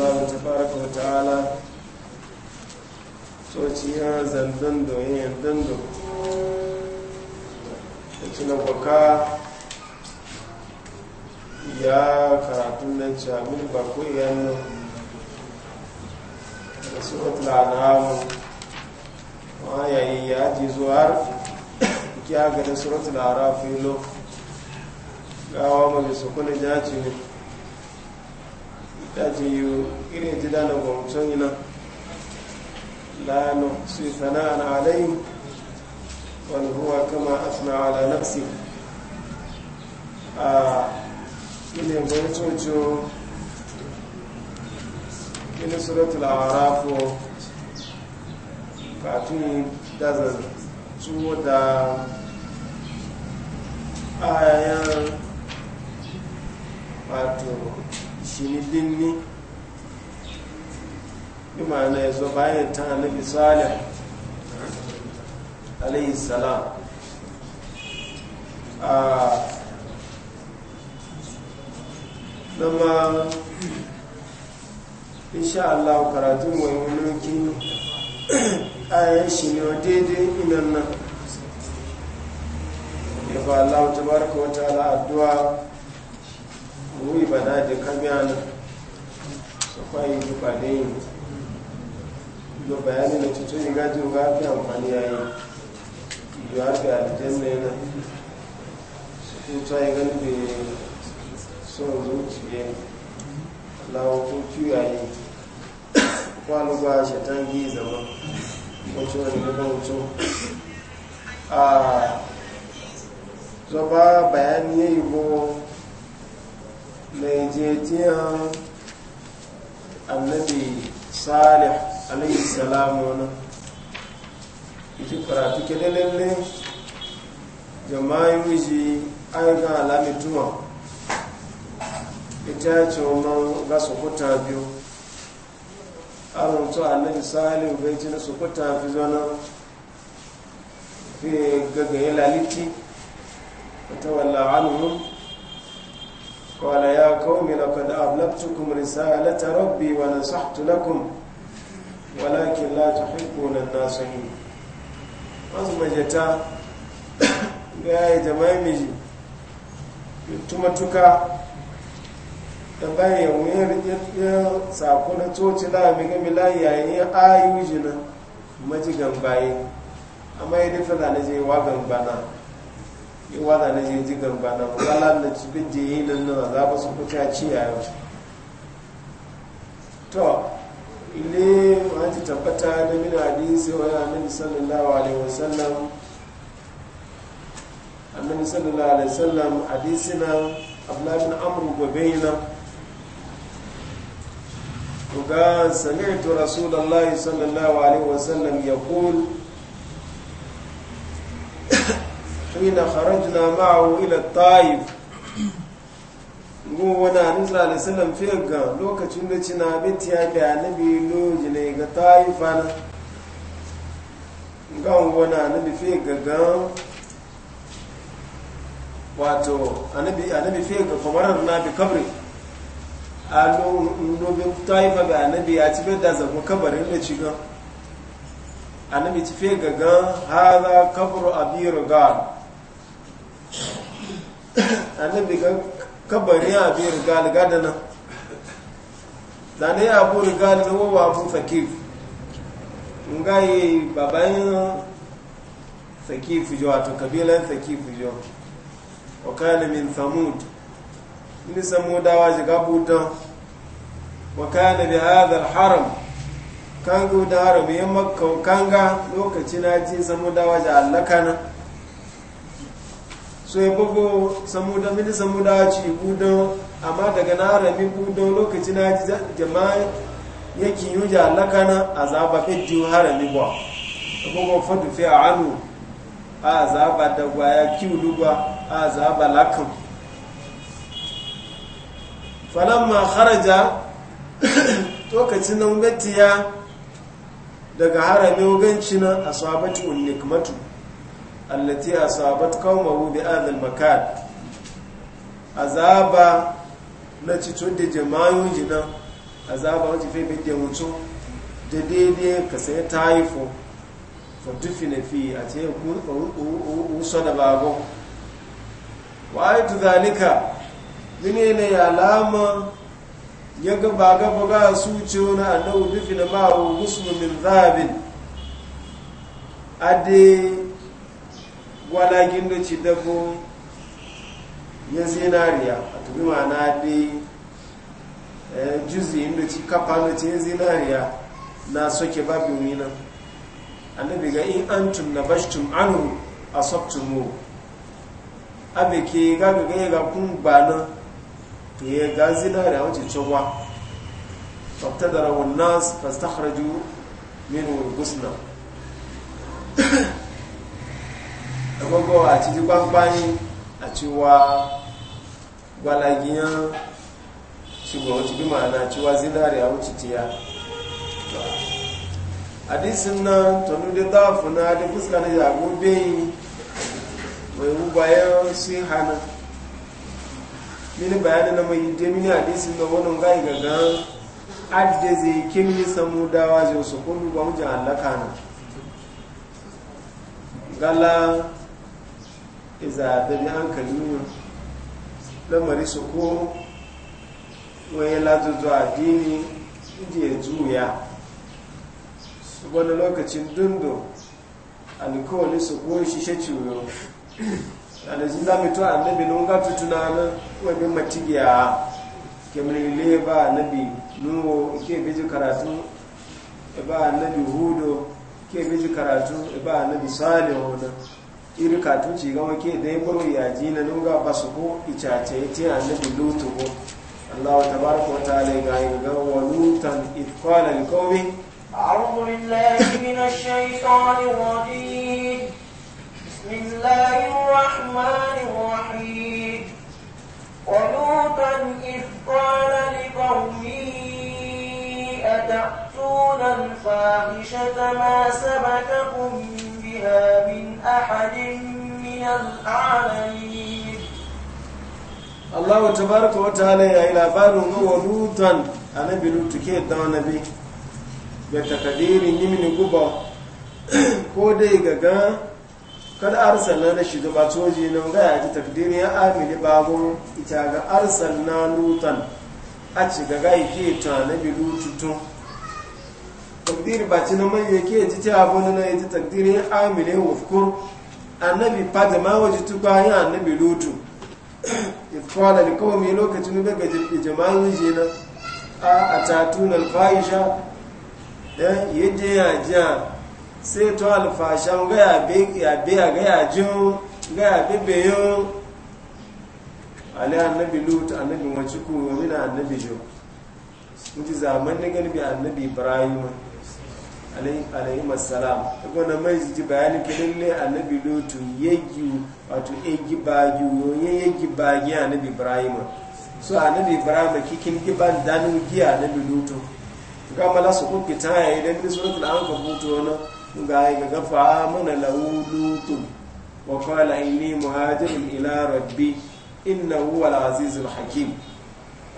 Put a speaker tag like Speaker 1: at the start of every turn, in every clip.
Speaker 1: wa ta'ala so ci sociya zandan do yin dando ci na baka ya karatun nan ba bako yan da su otla na wa ya yayi ya ji zuwar kiya ga da suratul araf ilo gawa mai su kuna jaci ne daji yi irin ji dana yi yana lanu su sana'an alayi wani huwa kama suna ala nafsi a ile gwamnatin ile la'ara ko katun dazan tuwo da ayayen wato shini dinni bi ma'ana ya zo bayan ta annabi salih alayhi salam a nama insha Allah karatun wani a ayan shi ne daidai inan nan ya ba Allah tabaraka wa ta'ala addu'a wui ba da je kamiya na su kwayi duka da yi lo bayani na cutu yi gaji ga fi amfani ya yi yi wa fi aljanna yana su kuta yi gani da son zuciye lawakun cuya ba kwanuwa shaitan yi zama wacce wani gaban wucin a zaba bayani ya yi bo mai jejiyar annabi salih alayhi salamu wani iji karatu ke lalle jama'in wiji ayyukan alamituma ita ce wannan ga kuta biyu aruntu annabi salih bai ci na kuta fi zana fi gagaye laliti ta wallawa anhum قال يا قوم لقد أبلغتكم رسالة ربي ونصحت لكم ولكن لا تحبون الناصحين mazumajata ga ya jama'a miji tumatuka da bayan yawon ya sako na coci lami gami layi yayin ya ayi wujina majigan baye amma ya nufi zane je wa gambana iwada na je ji gamba na bukala na ci bin nan nan za ba su kuta ci a yau to ile an tabbata da min hadisi wa annabi sallallahu alaihi wasallam sallallahu alaihi wasallam hadisi na abdullahi bin amr gobeina وقال سمعت رسول الله صلى الله عليه ya يقول حين خرجنا معه إلى الطائف gun wana nusra da sallam ga lokacin da cina biti ya bi annabi loji ne ga taifa na gan wana annabi fi ga gan wato annabi fi ga kwamarar na bi kabri a lobin taifa bi annabi ya ci bai da zaɓi kabarin da ci gan annabi ci fi ga gan haza kabru abiru rigar annabi ga kabari ya bi rigal gadana zane ya bu rigal na wawa bu ga yi babayin fakifu jiwa wato kabilan fakifu jo wa kana min samud ni samudawa ji don wa kana bi hadha haram kan haram haramin makon kanga lokaci na ji samudawa ji allakana so ya bugo samuda mini samuda ci budon amma daga na rami budon lokaci na ji jama'a yake yi wuja lakana zaba fi ji harami ba bugo fadu fi anu zaba da gwaya kiwu lugwa azaba lakan falamma haraja lokacin nan ya daga harami oganci na asabatu unikmatu allati asabat qaumahu bi adhal makan azaba na cicin da jama'in jina azaba wajen fai bidiyar mutum da daidai ka sai taifo fa dufina fi a ce wuso da babu wa aitu zalika mine ne ya lama ya gaba gaba ga su ce wani annabu dufina ma'a gusu min zabin ade wala gindo ci dabo ya zinariya a tubi mana da eh, juzi inda ci kafa na ci zinariya na soke babu mina annabi ga in tun na tun anu a soptumu abe ke gaga ganye ga kun bana ta yi ga zinariya wace cewa فابتدر الناس فاستخرجوا منه gusna. gbogbo àti ti pápáyín àti wa gbalagiyan ṣùgbọ́n ó ti bí màá náà tí wá sí láàrin àwọn títí ya àdísìn náà tọ́nú náà adé fúsìkà ní ìyàgbó bẹ́yìn wẹ̀wú bayan sí hana na mai dé mini adisina náà ga ìgàgán adé zai kí mini samu dawa zai sọ kó lùgbà mú jẹ́ gala iza da bi hankali ne lamari su ko wani lajojo addini inda ya juya su wani lokacin dundu nikoli su ko shi ciwo a da jin damito a nabi nunga tutuna na wani matigiya kemlele ba nabi nuwo ke biji karatu ba nabi hudo ke biji karatu ba nabi salihu na iri katun ci gama ke dai ya ji na nunga ba su ko icace ti annabi lutu ko Allah wa tabaraka wa ta'ala ga yi ga wa lutan id qala qawmi a'udhu billahi minash shaitanir
Speaker 2: rajim bismillahir rahmanir rahim wa lutan id qala qawmi atatuna al-fahisha ma sabaqakum بها من أحد من العالمين
Speaker 1: الله تبارك وتعالى إلى بارون ولوطا أنا بلوتكي دون نبي بتقدير نمني قبا كودي غغا kada arsalna na shiga ba coji nan ga ji takdiri ya amini babu ita ga arsalna lutan a ci ga ga ike ta na bi lututun takdiri ba ci na manya ke ya ci abu na ya takdiri ya amile wufkur annabi fata ma waje tuba ya annabi lutu ikwala da kawai mai lokacin da ga jama'in shi na a atatun alfahisha yadda ya jiya sai to alfasha ga ya be ya ga ya jin gaya ya be be yin annabi lutu annabi wacce kuma mina annabi jo mutu zamanin gani bi annabi ibrahim alayhi masalam wanda mai jiji bayani kudin ne annabi lotu yegi wato egi bagi yoyin yegi bagi annabi ibrahim so annabi ibrahim kikin giban danu giya annabi lutu ga mala su kuke ta yayi dan ni suratul ankabut wannan ga ai ga gafa mana lahu lutu wa qala inni muhajirun ila rabbi innahu wal azizul hakim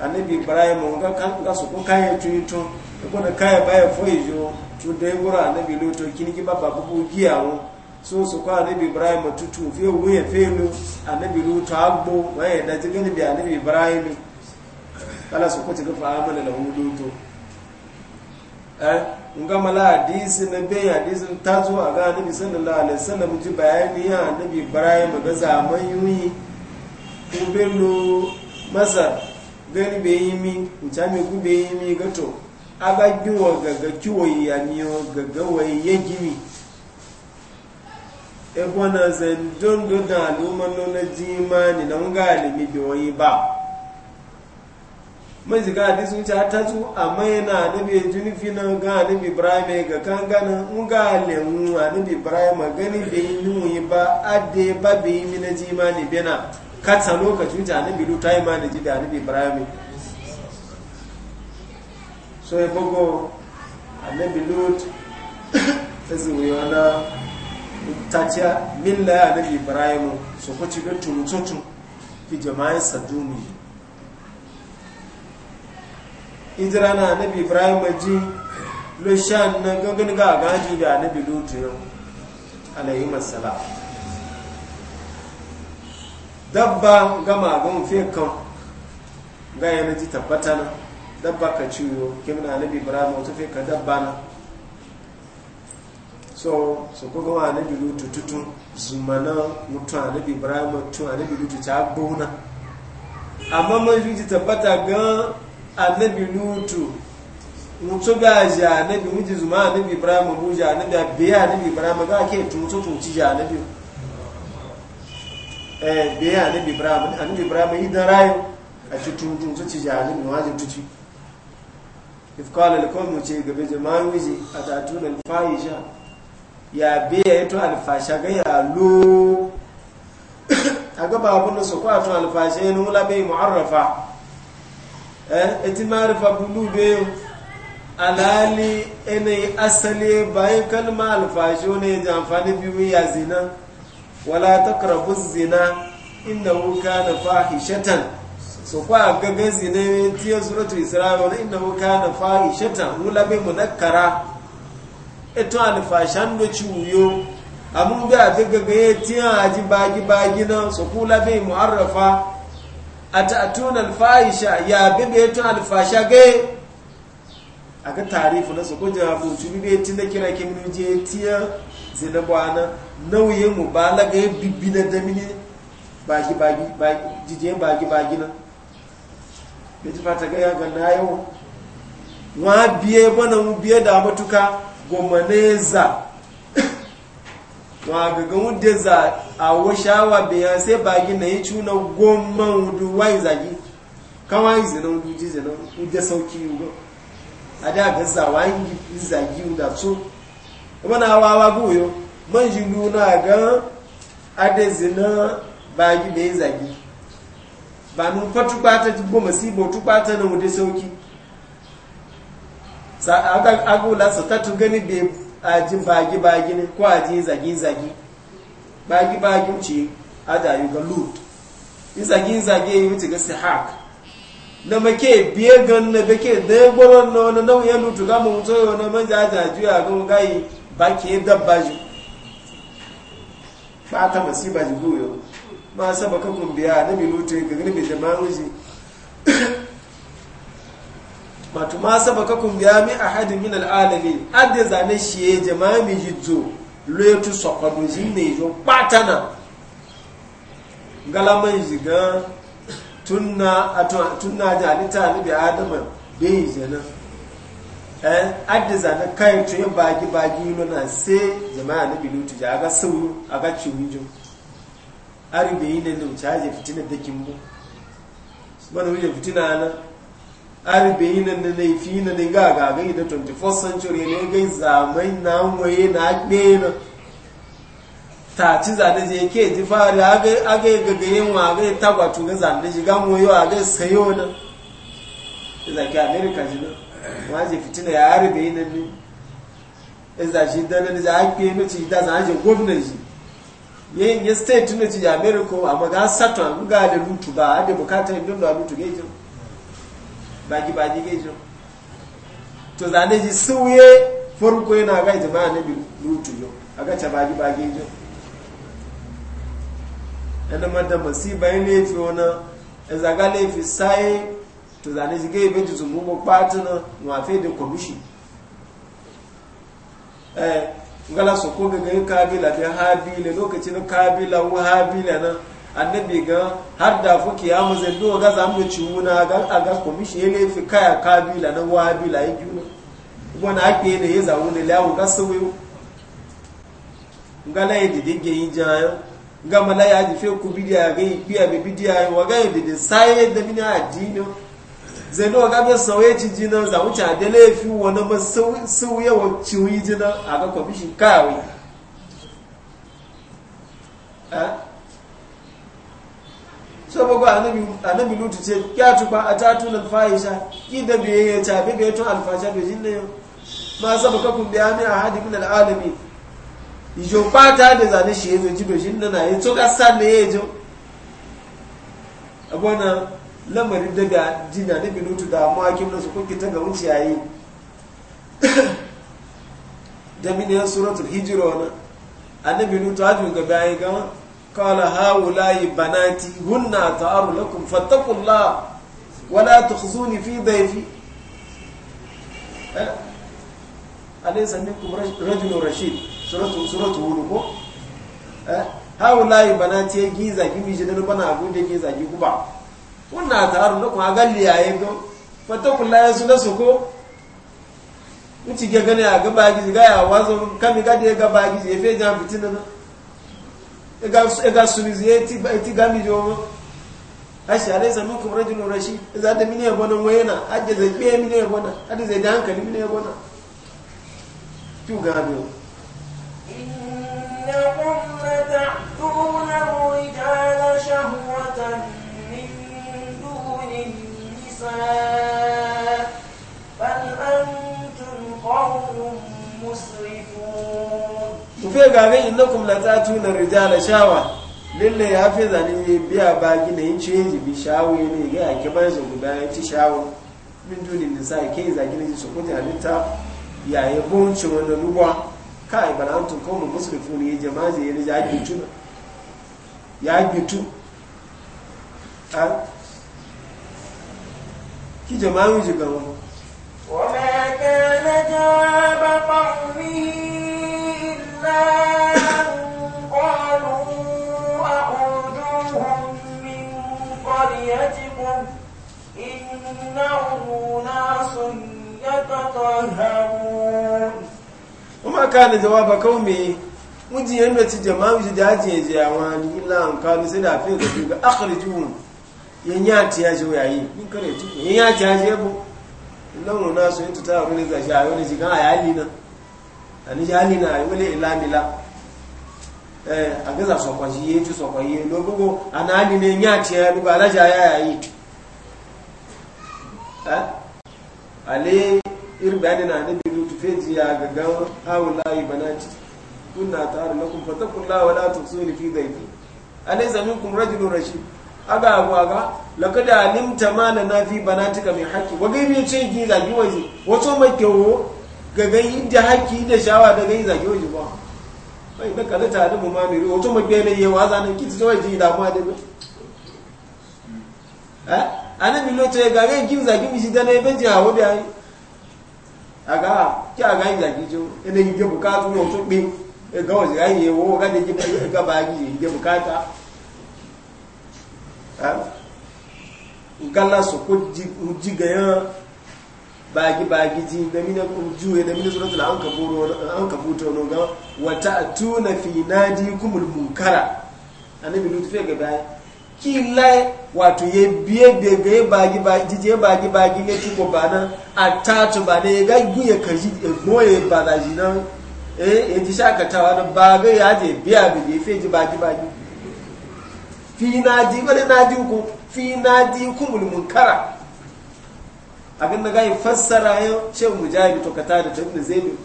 Speaker 1: annabi ibrahim ga kan ga su kun kaya tuitun ko da kaya baya foi jo tu da yura annabi luto kiniki baba bubu giyawo so su kwa annabi ibrahim tutu fe wuye fe annabi waye da bi annabi ibrahim kala su kuti ga fa amala lahu luto eh nga mala hadisi na bai hadisi ta zo a ga annabi sallallahu alaihi wasallam ji bayani ya annabi ibrahim ga zaman yuyi ko bello masar gani be yimi mchami ku be yimi gato aga giwo gaga kiwo ya miyo gaga wai ya gimi e bona zan don do da luma no na jima ni na ngali mi bi wani ba mun ziga da sun ta ta zu amma yana da be junifi na ga da bi ibrahim ga kan gana le mu da bi ibrahim gani be yi ba ade ba be mi na jima ni bena katsa lokacin ta yi mani ji da birami so ya gogo annabi lutu ta zuwa na taciya milla ya annabi ibrahim su kuci ga tumututu fi jama'in sadumi injira na annabi ibrahim ji lo shan na gangan ga gaji da annabi lutu yau alayhi masala dabba gama gan fe kan ga yana ji tabbata na dabba ka ciwo kimna nabi ibrahim wato fe ka dabba na so so ko gama nabi lutu tutun zumana mutu nabi ibrahim mutu nabi lutu ta gbona amma man ji tabbata gan annabi lutu mutu ga ji annabi muji zuma annabi ibrahim buja annabi abiya annabi ibrahim ga ke tumutu tumuci ji annabi Eh, da ya annabi ibrahim annabi ibrahim idan rayu a ci tuntun su ci na tuci if ce ya ya to alfasha ga ya lo ba abun su kwa to alfasha bai mu'arrafa eh, eti bulu alali ene asali bayan kalma ne ya biyu ya wala taqrabu zina innahu kana fahishatan so kwa gaga zina tiya suratul isra wa innahu kana fahishatan wala bi kara. eto an fashan do chuyo amun ga gaga tiya aji bagi bagi na so kula bi muarrafa atatuna alfahisha ya bibe eto alfasha ga aga tarifu na so ko jawabu chubi be tinda kira kimin je tiya zina bwana nauyin mu ba laga ya bibbi na damini bagi bagi bagi jijiyan ba bagi na da ji fata ga yaga na yau wa biye bana mu biye da matuka na za. wa gaga wudde za a washawa biyan, sai bagi na yi cuna goma wudu yi zagi kawai zina wudu ji zina wudu sauki wudu a da zawa yi zagi wudu so wani awawa goyo man ji luna ga adezina ba gi bai zagi ba nun fa tukpata ti goma si bo tukpata na wude sauki sa aga agula sa ta gani be ajin bagi bagi ne ko ajin zagi zagi bagi bagi ce ada yu ga lut zagi zagi yi wuce ga sihak na make biye gan na bake da gboron na wani nau'in lutu ga mun tsoyo na manja jajuya ga mu gayi baki dabba ju fata masiba ji goyo ma saba ka biya na minuto ga gani mai jama'u ji matu ma saba ka biya mi a hadin min al'alami adda zane shi ya jama'a mi jidzo loyotu sakwado shi ne jo na galaman jiga tunna a tunna jalita ni bi adama bai jana Eh, adiza na kayan tuyin bagi bagi ilo na se jama'a na bilutu ja aga sauru aga ciwinjo aribe yi ne da wuce haje fitina da kimbo mana wuce fitina na aribe yi ne na laifi na ne ga ga gai da 24th century ne gai zamai na waye na agbe na ta ci zane je ke ji fari aga yi gagayen wa ga yi tagwatu ga zane shi ga moyo aga yi sayo na zaki amerika ji na waje fitina ya yi na biyu in za shi dana da za a ke mace ita za a je gwamnan shi yayin ya state ci ya america a ga saturn ga da lutu ba a da bukatar yin da lutu ga jin baki baki ga jin to zane ji suye farko yana ga jama'a na bi lutu yau a ga ba baki baki jin yana mada masiba yi laifi wani zaga laifi sai to zane shi gai bai jisun mummu batina mafi da kwamishin eh ngala so ko ga gai kabila da habila lokacin kabila wa habila nan annabi ga har da fu kiyamu zai do ga zamu ci wuna ga aga kwamishin ya fi kaya kabila na wa habila ya juna wani ake da ya zawo ne lawo ga sawo ngala yi didin yi jayo ngama la ya ji fe ku bidiya ga yi biya be bidiya wa ga yi didi sai da mini addini zai nawa gabe sauye ci jina za wuce da laifi wani ma sauye wa ciwi jina a ga kwafishin kawai eh? so bago annabi lutu ce ya tuba a tatun alfahisha ki da biye ya tafi ga yato alfahisha da jinna yau ma saba ka kun biya min ahadi min alalami ijo pata da zane shi yazo ji do jinna na yato kasa ne yajo abona lamarin da da jina da minutu da mawakin da su kuke ta ga wuciyayi da miniyan suratul hijira wani na minutu hajjun ga bayi gama kawala layi banati hunna ta ta'aru lakum fattakullah wala ta tukhzuni fi A ne eh? alaysa kuma rajinu rashid suratu suratu ko ko eh? layi banati giza gimi jidan bana abu da giza gi kuba wannan a haru na kuma galli yayin gan fatakun layan su na soko nci ga gani a gaba gizi gaya ya wazo kami gadi ya gaba gizi ya fe jan fitina na ya ga su nizi ya ti gami jo ma a laisa alaisa nukun rajin rashi za ta mini ya gwana wayana hajji zai ɓe mini ya gwana hajji zai da hankali mini ya gwana kyau ga abin
Speaker 2: إنكم لتأتون الرجال شهوة السماء بل أنتم قوم مسرفون وفي قاقين
Speaker 1: إنكم لا تأتون الرجال شاوة lalle ya fi zane biya baki da yin bi jibi shawo ne ga yake bayan su guda ya ci shawo min dunin nisa ke zagi ne su kuta halitta yayin bunci wanda lugwa kai bala antum qawmun musrifun ya jama'a ya ya gitu ya gitu kí jẹ máa ń jẹ gan wọn. wọ́n
Speaker 2: máa kẹ́lẹ́ jọ bàbá mi ìlà kọlu àkùdùn mi kọ́ mi ti jẹ
Speaker 1: máa ń jẹ jáde àwọn an kan ní sílẹ̀ àfihàn ìgbà akọ̀rẹ̀jú wọn. yan ya ti ya je yayi min kare tu yan ya ti ya je bu nan na so yin ta wani zashi a wani jigan a yali nan a ni yali na yi wani ilamila eh a gaza so kwaji ye tu so kwaji lo gugu anani ne ya ti ya gugu alaja ya yayi eh ale irin bayanin na nabi lutu feji ya gaggawa hawulayi banati kunna ta'ar lakum fatakullaha wa la tusuni fi dhaifi alaysa minkum rajulun rashid aga agwaga lakada alimta mana na fi banatika mai haƙƙi. wa gaibi ce ki zagi waje wato mai kewo ga gai da haƙƙi da shawa da gai zagi waje ba bai da kala ta da mu mai wato mai bene ye wa zan ki ta waje da ma da eh ana mi lo te ga gai ki zagi mi da ne ban hawo da ai aga ki aga yi zagi jo ina yi ga bukatu wato bi ga waje ai ye wo ga da ki ga ba gi yi ga bukata Eh? gala su ko jiga yan bagi bagi ji da mina juye da mina suratul an kaburo an kabuto no ga wata atuna fi kumul munkara annabi lutu fe ga bai ki lai wato ye biye biye ga ye bagi bagi je bagi bagi ne ti ko bana atatu bana ye ga eh, ye kaji moye badaji nan eh e ji ti shakatawa da baga ya je biya biye fe ji bagi bagi fi nadi wani nadi ku fi nadi mul munkara abin da gai fassara ce mu mujahid to kata da tabin zaidu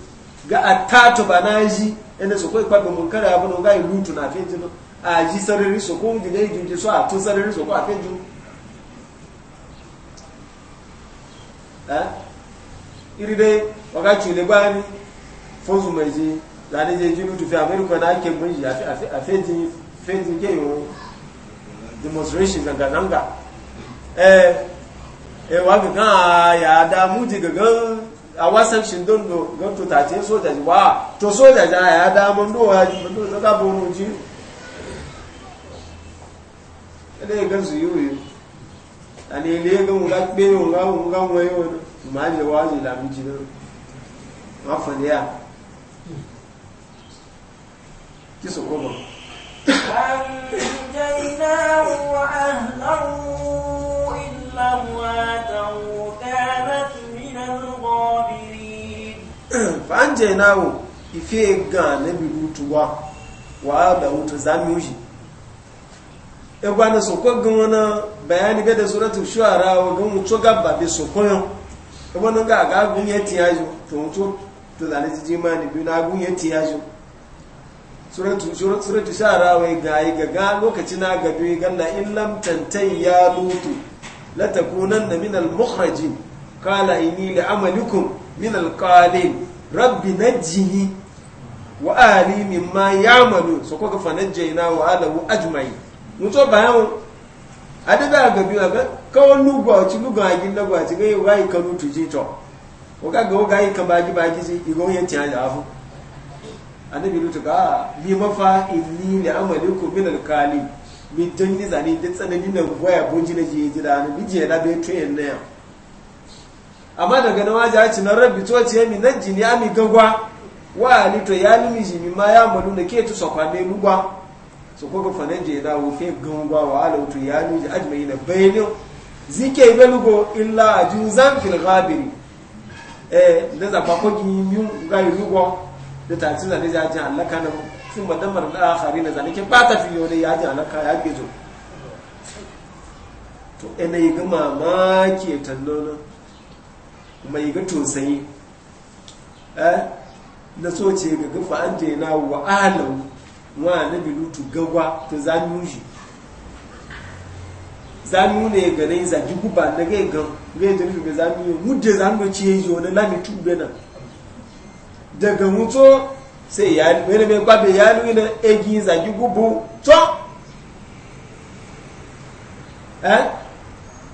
Speaker 1: ga atatu banaji ina so kai kwabe munkara abin ga lutu na fi jino a ji sarari so ko mu dai yi so a to sarari so ko a fi jino eh iri dai waga cule bani fozu mai ji zane je jinu tufi amerika na ake mun ji a fi jini fenzin ke yi. demonstration zanga-zanga eh ewa eh, gangan ya damu ji gangan a wasan shindon gan to tace sojaji wa to sojaji a ya damu ndo ya ji ndo ta boro ji ele gan su yiwu ani ele gan wula pe wula wula wula yiwu ma je wa ji lamu ji na ma ki so ko فأنجيناه وأهله
Speaker 2: إلا امرأته كانت من
Speaker 1: الغابرين na wa da wuta zami wuce ibana sokon gan wani bayani bai da suratul shuara wa gan wuto gaba bai sokon yau ibana ga ga gun ya tiyajo to wuto to zane jijima ne na gun ya tiyajo suratu shara wai gayi gaga lokaci na gabe ganna in lam tantai ya lutu la takunanna min al mukhrajin kala inni li amalikum min al qalin rabbi najjini wa ahli mimma ya'malu so ko fa najjayna wa ahlihi ajma'in muto bayan adada gabe ga kawon a ci lugwa gin lugwa ci ga yi kanu tujito ko ga ga yi kan baji baji ci igon a ajafu annabi lutu ga ni mafa inni amali amalikum min alkali min tanni zani da tsananin na waya bunji na je jira ni bije da be to en ne amma daga na waje ci na rabbi to ce mi na jini ami gagwa wa ni to ya ni mi ma ya malu na ke to sofa ne lugwa so ko ga fanan je da wo gangwa wa ala to ya ni ajmai na bayinu zike be lugo illa ajuzan fil ghabiri eh da za ba ko gi mi ga lugwa da ta ci zane ya jin halaka na sun madamar da hari na zane ke ba ta fiye wani ya jin halaka ya gezo to ina yi ga mamaki ya tannona mai ga tosayi eh, na so ce ga gafa an je na wa alam wa na bilutu gawa ta zanu shi zanu ne ga nai zagi guba na gai gan gai da nufi ga zanu mudde zanu ce yi zo na lamitu benin daga mutu sai ya wani mai kwabe ya nuna na egi zagi gubu to eh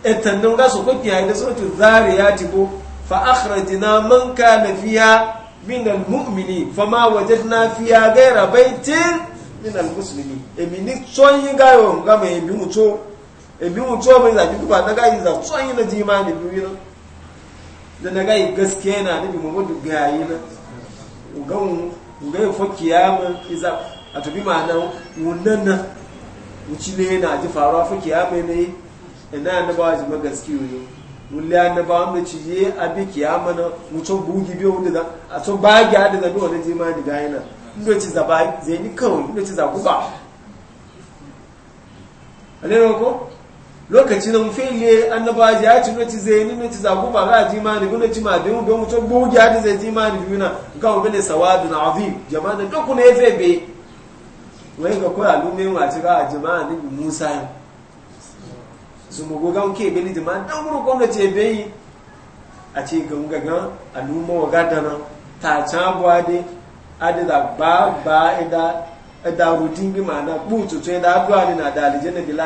Speaker 1: etan don ga su kuki ya yi da sautu zari ya tiko fa akhrajna man na fiya min almu'mini fama wajadna fiya gaira baitin Minan musulmi. emi ni yi ga yo ya mai bi mutu ebi mutu mai zagi gubu na ga yi za yi na jima ne biyu na da na ga gaske gaskiya na ne bi mu mudu gayi na ugan ugan fo kiyama iza a atubi ma'ana wunanna wuci ne na ji faruwa fo kiyama ne ina annabawa ji ma gaske ne wuli ba mu ci ye abi kiyama na wucin bugi biyu wanda za a ba gi hada da wani je ma diga yana ndo ci zaba zai ni kawai inda ci za guba alero ko lokaci na mufele annaba ya ci noci zai ni noci zagu ba ga ji mani bi noci ma bi mu don mutum bugi ya zai ji mani bi na ka mu bane sawabi na azim jama'a da duk ne zai be wai ga koyi alume mu a ci ga jama'a ni bi musa su mu goga ke bani jama'a dan guru gwamnati ya bayi a ce ga mu gaga aluma wa gada na ta can abuwa dai adada ba ba ida da e e rudin bi ma'ana bututu ya e da abuwa ne na da alijanna bi la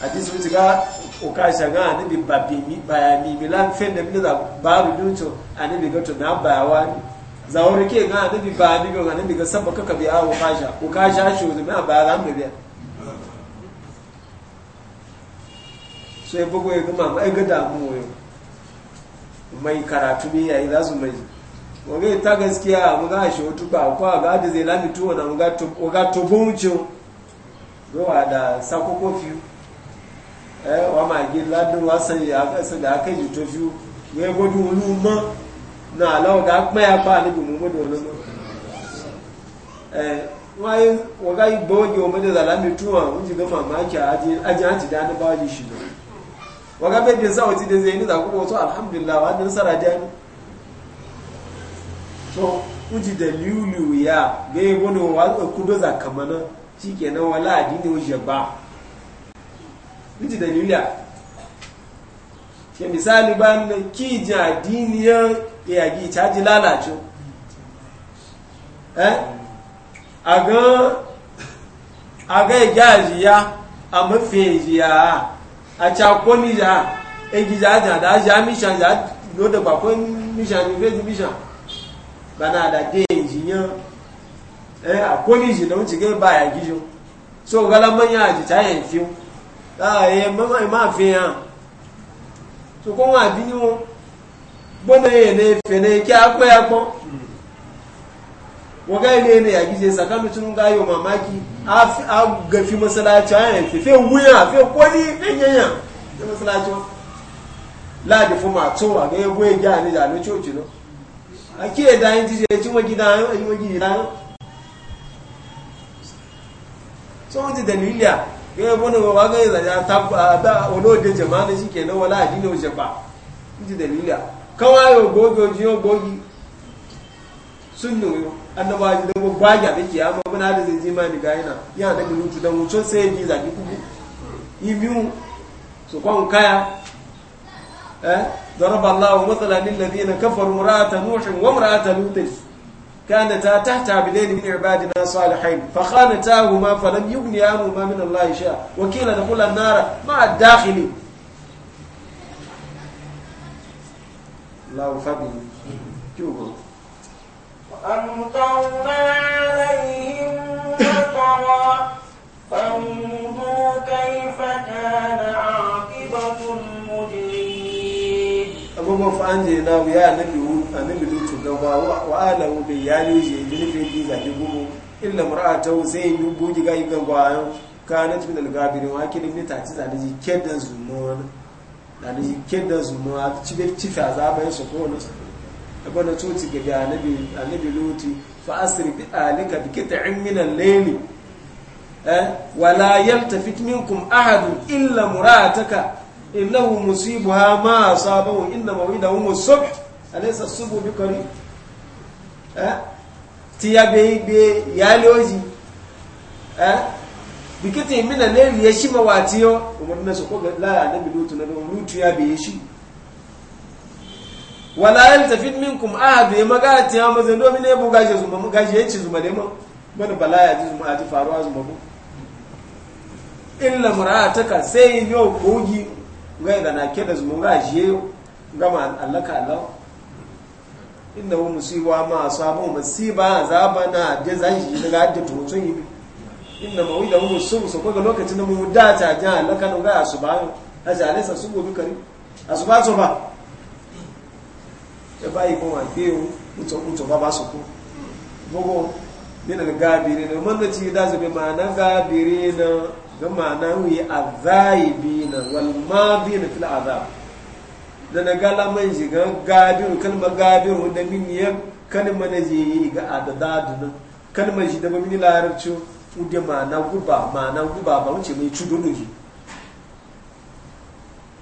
Speaker 1: hadisi wuce ga ukasha ga mi babimi bayami milan fen da mina baru duto anabi ga to na bayawa za wuri ke ga anabi bayani e e ga anabi e ga sabaka ka biya ukasha ukasha shi wuce na bayaran mu biya so ya bugu ya gama ma ga damu wayo mai karatu ne yayi za su mai wage ta gaskiya mu ga shi wato ba ko ga da zai lami tuwa na mu ga to ga to da sakoko fiu Eh, wọ́n máa gé ládùn wá sẹ́yìn àfẹ́sẹ̀dá akéjì tó fi wé gbójú olú mọ́ náà aláwọ̀gá pẹ́ apá níbi mọ́mọ́dé olómọ́ wọ́n gáyí gbọ́ọ̀gì ọmọdé zàlámi túwà oúnjẹ gọ́fà máàkì ajé àti ti dẹ́sẹ̀ ní ìdàkúrò alhamdulillah miji dalila ke misali ba nan ki ji adiniyan yagi caji lalace eh a ga ya a mafi jiya a cakoni ya egi ja ja da ja misha ja lo da kwakon mishan ni feji mishan bana da de injiniyan eh a koni ji da wuce ga ba yagi gijo so galaman ya ji ta yin fiyo ààyè mẹ́mọ́ ìmá àfihàn ṣùgbọ́n wọn àbí ní wọn gbọ́nà èèlé fèlè kí a pẹ́ apọ́ wọ́n gáyé ní ẹni àgíṣe sàkánù tún ń gáyé ọmọ àmáki agẹ̀fí mọ́sálásí ọ̀hún ẹ̀fẹ́ fẹ́ wúyàn fẹ́ kọ́ ní ẹ̀yẹ̀yàn ní mọ́sálásí wọn láàdì fún màá tó àgẹ́ egbó ìjà ja ló tí ó jù lọ àkí ẹ̀dá yín ti ṣe tí wọ́n jí dáhùn ẹ̀yìn wọ́n jí dáhùn sọ́wọ́n ti ni nílẹ̀ ga wani ba ga yanzu ya ta da olode jama'a shi kenan wala addini wuce ba inji dalila kawai yo gogi yo jiyo gogi sunnu yo annaba ji da gogwa ga da kiyama muna da zai jima ni gaina ya da mutu da mutu sai kuku su kwan كانتا تحت عبدين من عبادنا صالحين فخانتاهما فلم يغني عنهما من الله شيئا وكيل دخول النار مع الداخل الله فضل شوفوا وأمطرنا
Speaker 2: عليهم مطرا فانظروا كيف كان عاقبة المجرمين
Speaker 1: abubuwan fa'anje na ya annabi lutu ga wa alamu bai ya je jirgin fi zaki gugu illa ta sai yi bugi ga yi yau ka na tafi daga gabirin wa ke nufin ta ci zane ji kedan zumo zane ji kedan zumo a cibiyar cifi a su ko wani sako abuwa na coci ga nabi lutu fa asiri bi alika bi kita in minan laili eh, wala yalta fitminkum ahadu illa ka innahu musibuha ma asabahu inna mawidahum as-subh alaysa as-subhu biqari eh tiya be be yaloji eh bikiti mina ne ya shi mawatiyo umarna su ko la annabi lutu na don lutu ya be shi wala yaltafit minkum ahad ya magati ya mazan do mine bu gaje zuma mu gaje yace zuma dai mun bana bala ya zuma zuma murataka sai yo kogi ngai da na ke da zumun ga jiye gama allaka allah inda hu musiba ma asabu musiba azaba na da zan shi daga da tutun yi inna mawida hu subu so kaga lokacin da mu da ta ja allaka no ga asuba aja alisa su bi kari asuba so ba e bai ko ma ke hu mutu mutu baba so ko bogo ne na gabire na manna ci da zabe ma na gabire na ga ma'ana yi a zaibi na walmadi na fil azab da na gala man shiga ga gabiru kalmar gabiru da min ya kalmar da zai yi ga adadadu nan kalmar shi da ba mini larabci ude ma'ana guba ma'ana guba ba wuce mai cudo nuji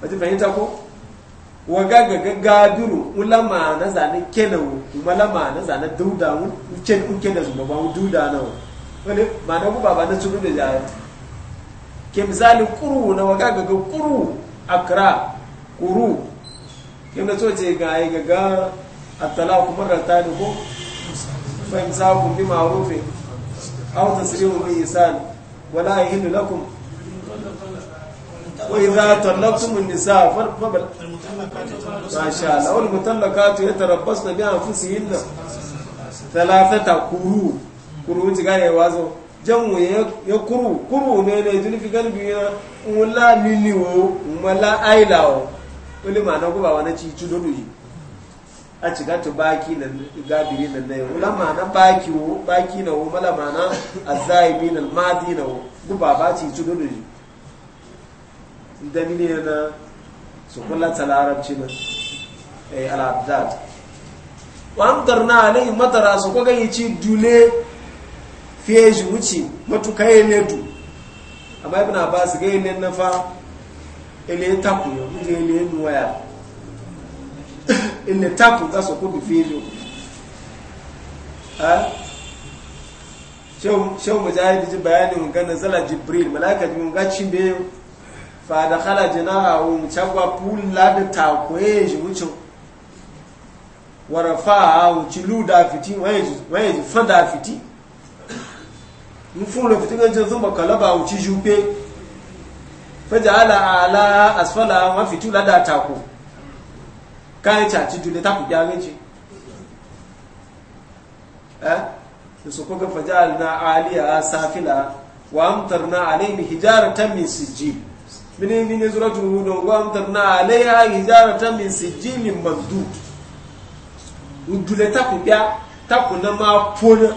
Speaker 1: wajen fahimta ko waga ga gabiru ulama na zane kenawu malama na zane dauda mu uke da zuba ba duda nawa wani ma'ana guba ba na cudo da jari ke misali kuru na waga gaga kuru akra kuru ke na soce ga ai gaga at-talaqu marratan ko fa imsaku bi ma'ruf aw tasrihu bi ihsan wala yahillu lakum
Speaker 3: wa idha talaqtum
Speaker 1: an-nisaa fa fabal ma sha Allah wal mutallaqatu yatarabbasna bi anfusihinna thalathata kuru kuru ji ga wazo jamu ya kuru kuru ne ne tuni fi gan biyu na nla nini wo nla aila o wani ma na kuba wani ci ci dodo yi a ci gato baki na gabiri na na wula ma na baki wo baki na wo mala ma na azaibi na madi na wo guba ba ci ci dodo yi dalili na su kula tsala arabci na eh, al-abdad wa amtarna alaihi matara su kwa ganyi ci dule fiye shi wuce matuka yi ne du amma na ba su yi ne na fa ile taku ya kuje ile ya ya ile taku za su kudu fiye shi ah? shehu mujahid ji bayanin ganin zala jibril malaka ji ga cin be fa da kala jinaha wa mutagwa pul la da takwe ji wucin warafa wa cilu da fiti waye ji da fiti mufun lo fitin gancin sun makalaba wuci jupe faja ala ala asfala wa fitu lada taku kan ta ci dule taku ya ce. eh da su kuka faja na aliya safila wa amtar na amtarna hijara ta min sijil mini mini zuratu hudun wa amtarna hijara ta min min sijilin mamdud dule taku ya taku na ma fona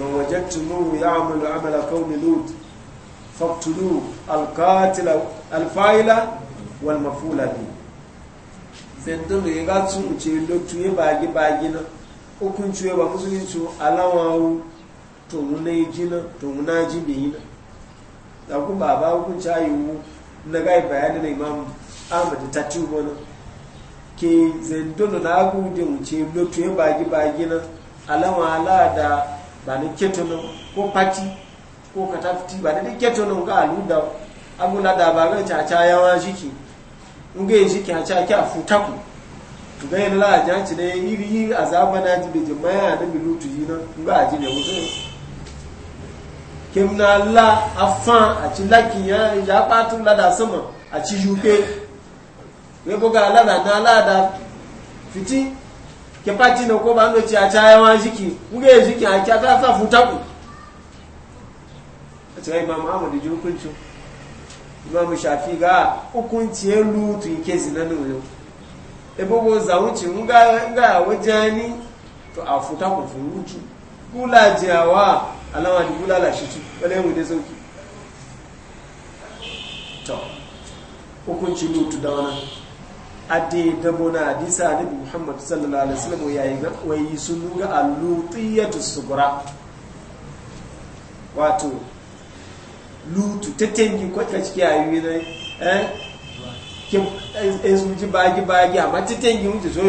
Speaker 1: من وجدتموه يعمل عمل قوم لوط فاقتلوه القاتل الفاعل والمفعول به zendin da ga sun wuce lotu ya bagi bagi na ukun ciwe ba musu yi su alawawu to wuna jina to wuna ji na da ku ba ba ca yi wu na gai bayani na imam ahmad ta ci ke zendin na agu da wuce lotu ya bagi bagi na alawa ala da bani ni ketono ko pati ko katafti bani ni ketono ga aluda agula da ba ga caca yawa shiki nge yin shiki ha caca a futaku to ga yin e la janci ne iri iri azaba na ji be jama'a da bilutu yi na nga aji ne mutum kim na la afan a ci laki ya ya patun la da sama a ci jupe ne boga la da na la da fiti ke pati na ko bando ci a caya wa jiki muge jiki a kya ta sa futa ku a yi imam ahmad ji hukunci imam shafi ga hukunci ya lutu ike zina na yau ebe ko zawuci nga wajani to a futa ku furutu kula jiyawa alama di kula la shitu wale mu da sauki to hukunci lutu da wani ade dabo na hadisa annabi Muhammad sallallahu alaihi wasallam yayi ga wayi sun ga allutiyatu sugura wato lutu tatengi ko ta ciki ayi ne eh kim ezu eh, ji bagi bagi amma tatengi mun ji so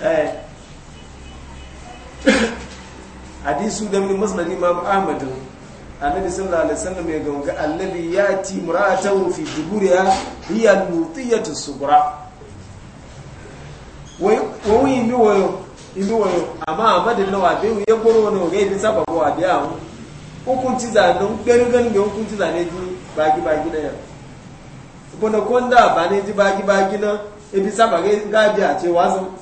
Speaker 1: eh hadisu da min musnad imam ahmadu annabi sallallahu alaihi wasallam ya gonga allazi yati mura'atahu fi duburiha hiya al-mutiyatu subra wai wai mi wayo ibi wayo amma amadin nawa be ya goro ne ga ibi sababu wa biya mu hukunci zanen ganin ganin da hukunci zane ji bagi bagi da yau bana konda ba ne ji bagi bagi na ibi sababu ga biya ce wazo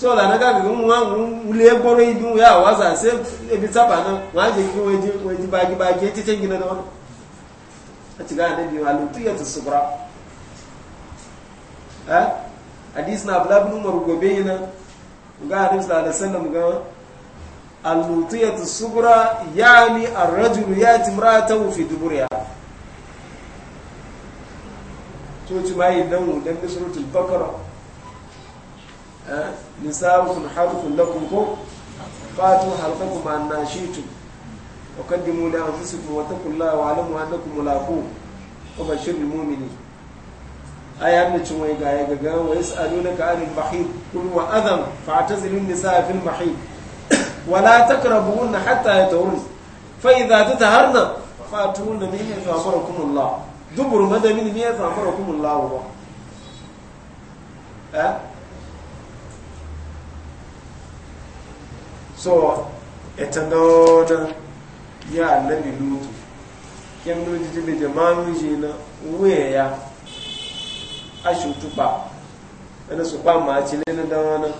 Speaker 1: so la na gaga mu wa ule gboro idu ya wa za se ebi taba na wa je ki we je we ji bagi bagi ti te gina do ati ga ne bi wa lu tu ya tu subra ha hadis na abla ibn umar gobe yana ga hadis da sallam ga al-lutiyatu subra yani ar-rajulu ta imra'atahu fi duburiha to ma yi dan dan suratul baqara نساؤكم حرف لكم كم فاتوا حرفكم عن ناشيتم وقدموا لأنفسكم واتقوا الله واعلموا أنكم ملاقوه وبشر المؤمنين أي أن شوي قاية قاية ويسألونك عن المحيط قل وأذن فاعتزلوا النساء في المحيط ولا تقربوهن حتى يتهرن فإذا تتهرن فاتوهن من حيث أمركم الله دبر مدى من حيث أمركم الله أه؟ so etanga wadda ya annabi lutu kyan lutu jibe jama'u na wuya ya ashutupa ana su ba ma ci ne na wani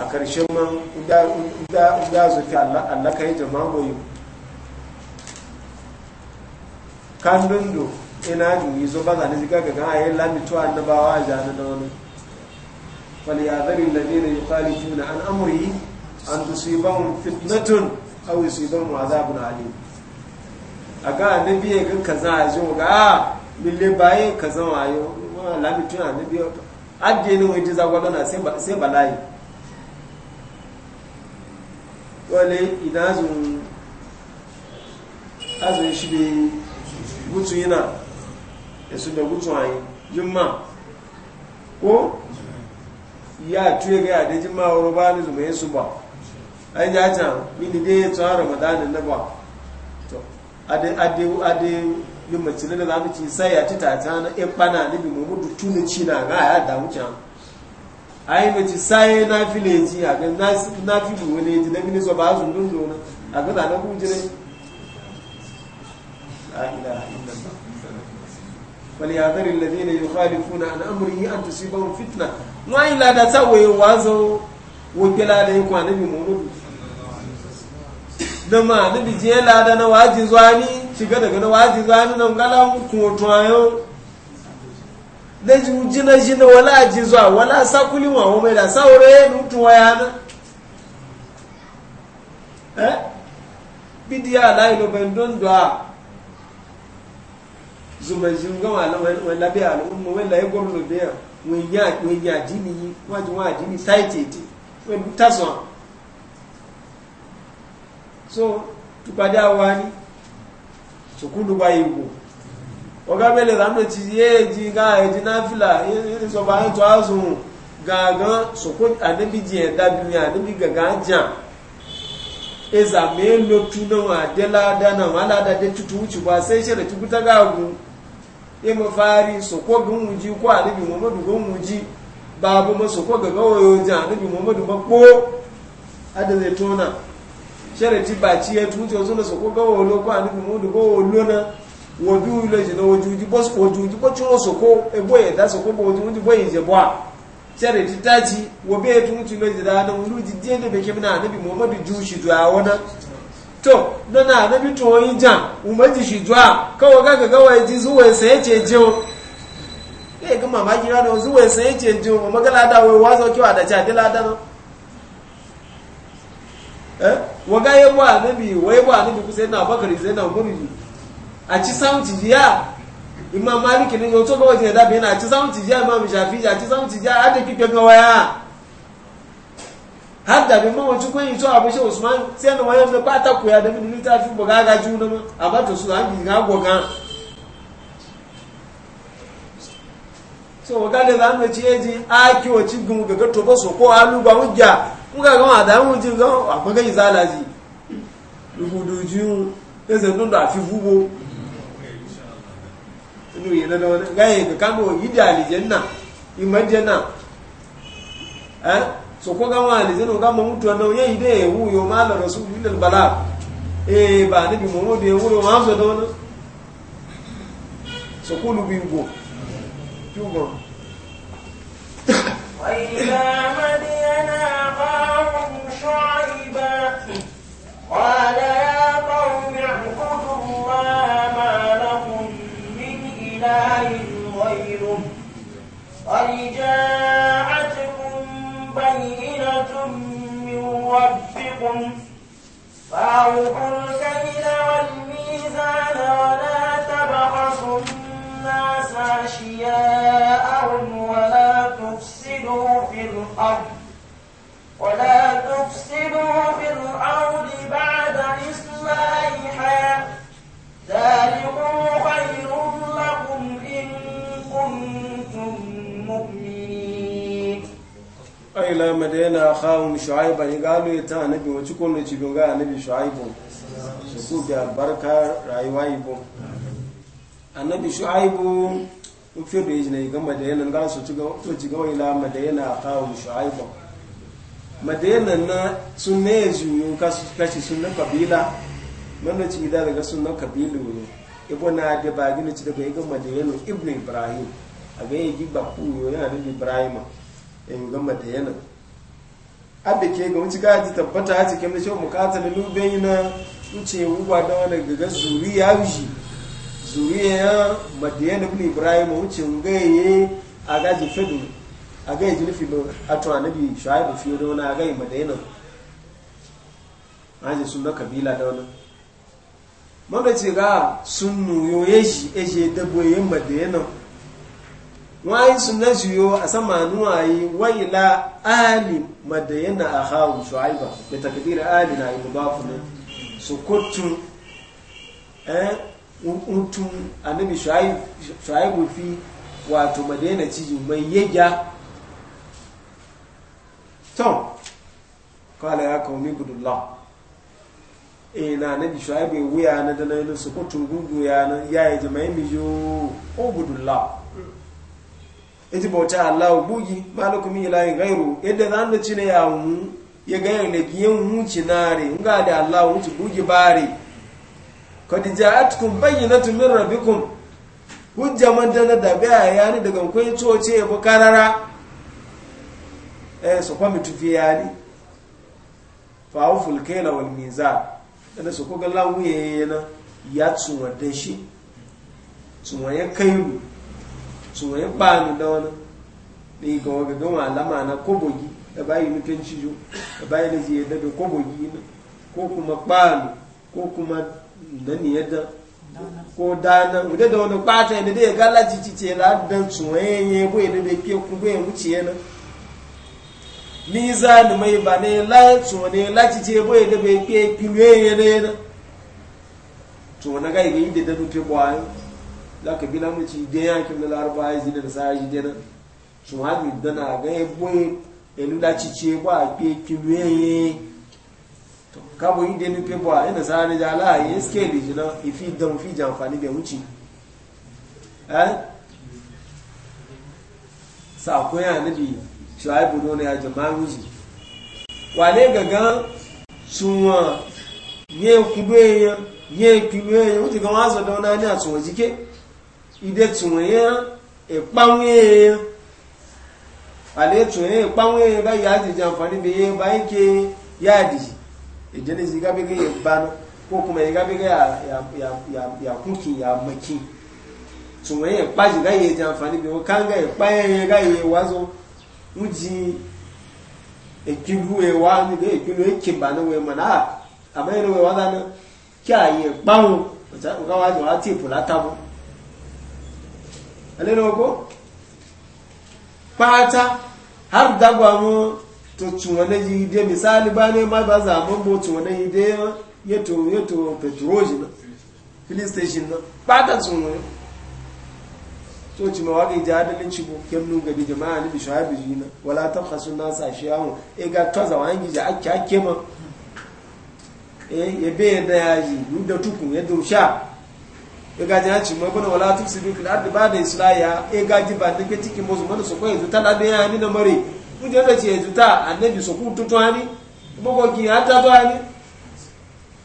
Speaker 1: a karshen man da zufi allaka yi jama'a goyi kan dundu ina yi zo ba za ni ziga ga ga ayi lamito annabawa a jana da wani فليعذر الذين يخالفون عن أمره أن تصيبهم فتنة أو يصيبهم عذاب عليم aga annabi ya gan kaza a jin ga a mille baye kaza wa yo lami tun annabi ya to adde ni wai jiza gwada na sai sai balayi wale idan azun azun shi be gutu yana da su da gutu ayi jumma ko ya tuye ga da jima wuro ba ni zuma yesu ba ai yi ta mini dai to ramadan na ba to ade ade ade yin mace ne da zamu ci sai ya tita ta na in bana ni bi mu da tuni ci na ga ya da mu can yi mace sai na file ji a ga na fi bu wani ji da mini so ba zun dun dun a ga da kun ku jire la ilaha illallah yi الذين يخالفون عن yi an تصيبهم fitna nwa yi lada ta waye wazo woke lada yi kwa nabi muhammadu da ma bi je lada na waji zuwani shiga daga na waji zuwani na ngala kuma tuwayo da jina jina wala aji a wala sakuli mu wa wame da na. saure nutu wayana eh bidiya layi lo ban don da zumajin gama na wallabi al'umma wallahi gwamnati biya wọ́n yí àdínì yìí wọ́n jẹ́ wọ́n àdínì sáìtì èdè wọ́n tásán so tupade awa ni sùkúlù wa ìwò ọ̀gá bẹ́lẹ̀ lánà ti yé èjì ga èjì náfìlà yìí sọba ètò azùn gàgán sùkú àdébí ẹ̀dá bìrì àdébí jà ya mafari soko ga ko anabi muhammadu ga wuji ma soko ga gawayo ji anabi muhammadu ma ko adalai tona sharati baci ya tunce ọzọ na soko ga wolo ko anabi muhammadu ga wolo na wodu oji jina ojuji bos ojuji bo chuno soko ebo ye da soko bo ojuji bo yin je bo wobe na to nana na bi to yi jan umaji shi kawo ga ga wai ji zuwa sai ce jiwo eh ga mama jira da zuwa sai ce jiwo mama ga lada wai wazo kiwa da ja lada no eh waga ye wa nabi wai wa nabi ku sai na bakari sai na gurbi a ci sauti ya imam maliki ne yo to ga wajen da bi na ci sauti ya imam shafi ci sauti a da ga waya har da bin mawacin yi to abu shi usman sai na wayan da bata koya da min littafi ba gaga juna ma a to su an ga goga so waga da zamu ci eji a kiwo ga to ba so ko alu ba wujja mun gama a zalaji da fi da wani ga so ko ga wani zinu ga mu mutu ando ye ide wu yo mala rasulul bala e ba ni bi mu de wu ma so don so ko lu bi go tugo wa ila madiyana qawm
Speaker 2: shu'aiba
Speaker 1: qala ya qawm i'budu allaha
Speaker 2: ma lakum min ilahin ghayruh qad ja'atkum بينة من ربكم فأوحوا الكيل والميزان ولا تبخسوا الناس أشياءهم ولا تفسدوا في الأرض ولا تفسدوا في الأرض بعد إصلاحها
Speaker 1: ذلكم خير
Speaker 2: لكم إن كنتم
Speaker 1: aila madena khawum shu'aiba igalu ita annabi wa ko ne cibin ga annabi shu'aibu su ku da barka rayuwa ibo annabi shu'aibu in fi da yin ga madena ga su ci ga to ci ga ila madena khawum shu'aiba madena na sunne ju ka su kashi sunna kabila manna ci da daga sunna kabilu ne ibo na da bagina ci daga ga madena ibn ibrahim a ga yi gibba ku yo yana da ibrahim in gama ta yana abin ke ga wuce gaji tabbata a cikin da mukata da lubai na wuce uba da wani gaga zuriya wuce zuriya ya yana bin ibrahim wuce gaye a gaji fido a gaji jilfi lo a to shawai da fiye da wani a gaji yana a sun da kabila da wani mamaci ga sun nuyo ya shi ya shi ya dabo ya yana Wani suna shi yo a sama nuwayi wai la ali madayana a hawu shu'aiba da takbir ali na yi mubafu ne su kutu eh mutum annabi shu'aibu fi wato madayana ciji mai yayya to kala ya kaumi budullah eh na annabi shu'aibu wuya na da na yi su kutu gugu ya na yayi jama'in o ubudullah ita bauta Allah bugi malakum ilahin gairu yadda za mu ci ne ya mu ya ga ne nare da Allah bugi bare kad ja'atkum bayyinatun min rabbikum hujja man da ga yani daga coce karara eh so yani fa awful kayla wal mizan ko ga yana ya tsuwa shi tsuwa ya kai mu tsoye ba ni da wani ne ga waga gama alama na kobogi da bayi nufin cijo da bayi da ziyar daga kobogi ne ko kuma kpalu ko kuma da ni yadda ko dana ude da wani kpata yadda da ya gala cici ce la dan tsoye ya bo yadda da ke kuma ya wuce yana mizanu mai ba ne la tsoye la cici bo yadda bai ke kiwe yana yana to na ga yi da da nufe kwayo za ka gina mace idan yakin na larba ya zina da sa ya jide na sun haɗu dana ga ya boye yanu da cice ba a pe kilo yayi to ka bo ide ni pe bo a ina sa ne ja la yi scale ji na ifi don fi ja amfani da wuci eh sa ko ya nabi shuaibu don ya jama'a ji. wale gaga sunwa ya, kudo ye ya. ye wuti ga wasa da wani ne a tsowa jike ide tsunya ekpanwe ale tsunya ekpanwe ba ya ji jamfani be ba yake ya di idan zai gabe ga yabana ko kuma ya gabe ga ya ya ya ya kunki ya maki tsunya ekpaji ga ya jamfani be kanga ekpaye ga ya wazo muji ekilu ewa ni ga ekilu ekibana we mana amayelo we wadana kya ye pawo ga wazo ati pulatawo alẹ́nà ko pata har dagwa mu to tsuwane yi dai misali ba ne ma ba za mu bo tsuwane yi dai yato yato petroji na filin station na pata tsuwane to ci ma wagi ja da linci bo kemnu ga bi jama'a ni bi shahabi na wala sa shi ashiyahu e ga kaza wani ja akke akke ma e eh, yebe da yaji da tukun ya sha. gaji na cimma bane wala tu sidu fil ardi ba da islaya e gaji ba da ke cikin musu mana su koyi zuta biya ni da mare mun je da ce zuta annabi su ku tutu hani ko ki ya ta to hani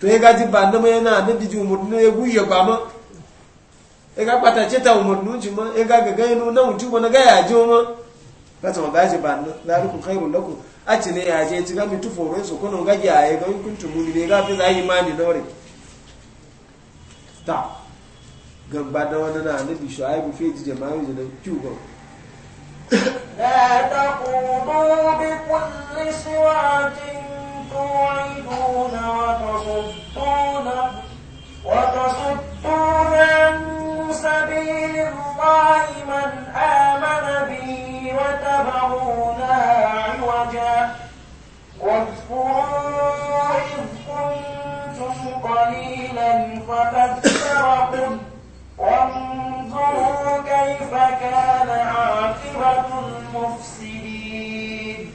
Speaker 1: to e gaji ba da mai na annabi ji umur ne guye ba ma e ga pata ce ta umur nu ji ma e ga ga ga na mutu ga ya ji ma ka ta gaji ba na zalikum a ce ne ya je ci ga su ga ya ga mu ne ga fi zai imani ta gamba da wani na annabi shu'aibu feji jama'a da kyugon
Speaker 2: لا تقولوا بكل سوعة توعدون وتصدون وتصدون عن سبيل الله من آمن به وتبغونها عوجا واذكروا إذ كنتم قليلا فكثركم وانظروا كيف كان عاقبة المفسدين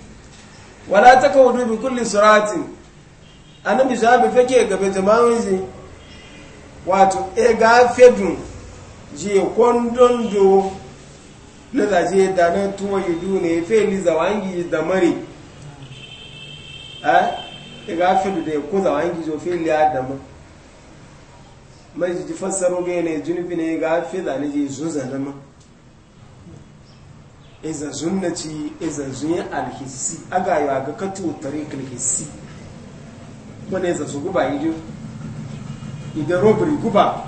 Speaker 1: ولا تكودوا بكل سرعة أنا مش عارف فكي قبل تماوزي wato e ga fedun je kwandon do lalaje da na tuwa yi dune fe li zawangi da mari eh e ga fedu da ya mai ji fassaro ga yana zunubi ne ga fi da ne ji e zun zana ma iza zunna ci iza e zunye alhisi aga yi aga katu tariq alhisi wani iza su yi ido ida robbery guba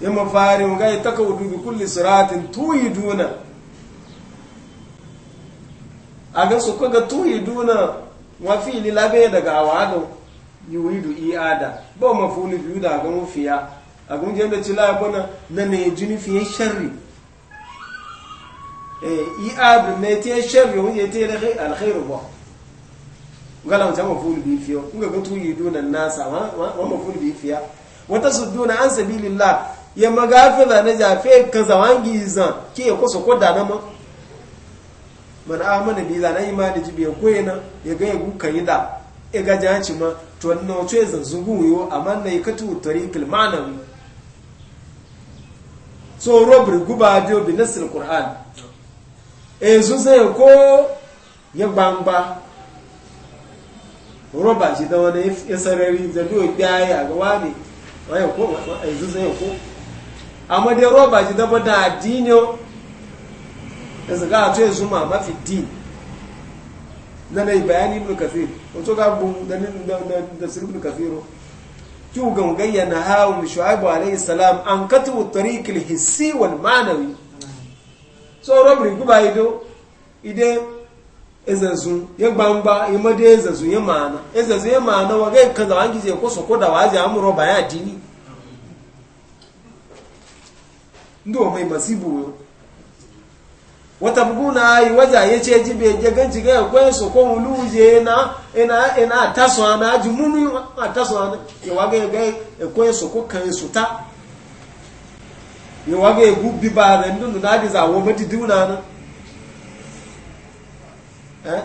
Speaker 1: ya e mafari ga yi taka wudu bi kulli siratin tuyi duna a ga su kaga tuyi duna wa fi daga awa yuridu iada ba mafulu biyu da ga mafiya a gungun da ci labana na ne jini fiye sharri eh iada ne te sharri wani ya te alkhairu ba gala wancan mafulu biyu fiye kun ga gutu yi dunan nasa wa mafulu biyu fiye wata su duna an sabilillah ya magafi da na jafe ka zawangi zan ke kusa ko da na ma man amana bi zan imani jibe ko yana ya ga ya guka yi Iga jaci ma to na wato ya zanzu yo a na yi katu tari ma'nawi so robri guba biyo bi nasir qur'an e zun yi ko ya gbangba roba shi da wani ya sarari da biyo gaya ga wani wani ko e zun sai ko amma dai roba shi da bada adinyo ya zaga to ya zuma mafi din na na bayani ibn kathir wato ga bu da da sir ibn kathiro tu ga gayya na hawo shuaib alayhi salam an katu tariq al hissi wal ma'nawi so robri guba ido ide ezazu ya gbangba imade ezazu ya ma'ana. ezazu ya ma'ana wa ga kaza an gije ko so ko da waje amuro baya dini ndo mai masibu wata buguna yi waza ya ce jibe ya e e e? ganci ga yankwai su ko muluje na ina ina taso ana ji munu a taso ana ya waga ga yankwai su ko kan su ta ya waga ya gubi ba da na ji wa mati duna na eh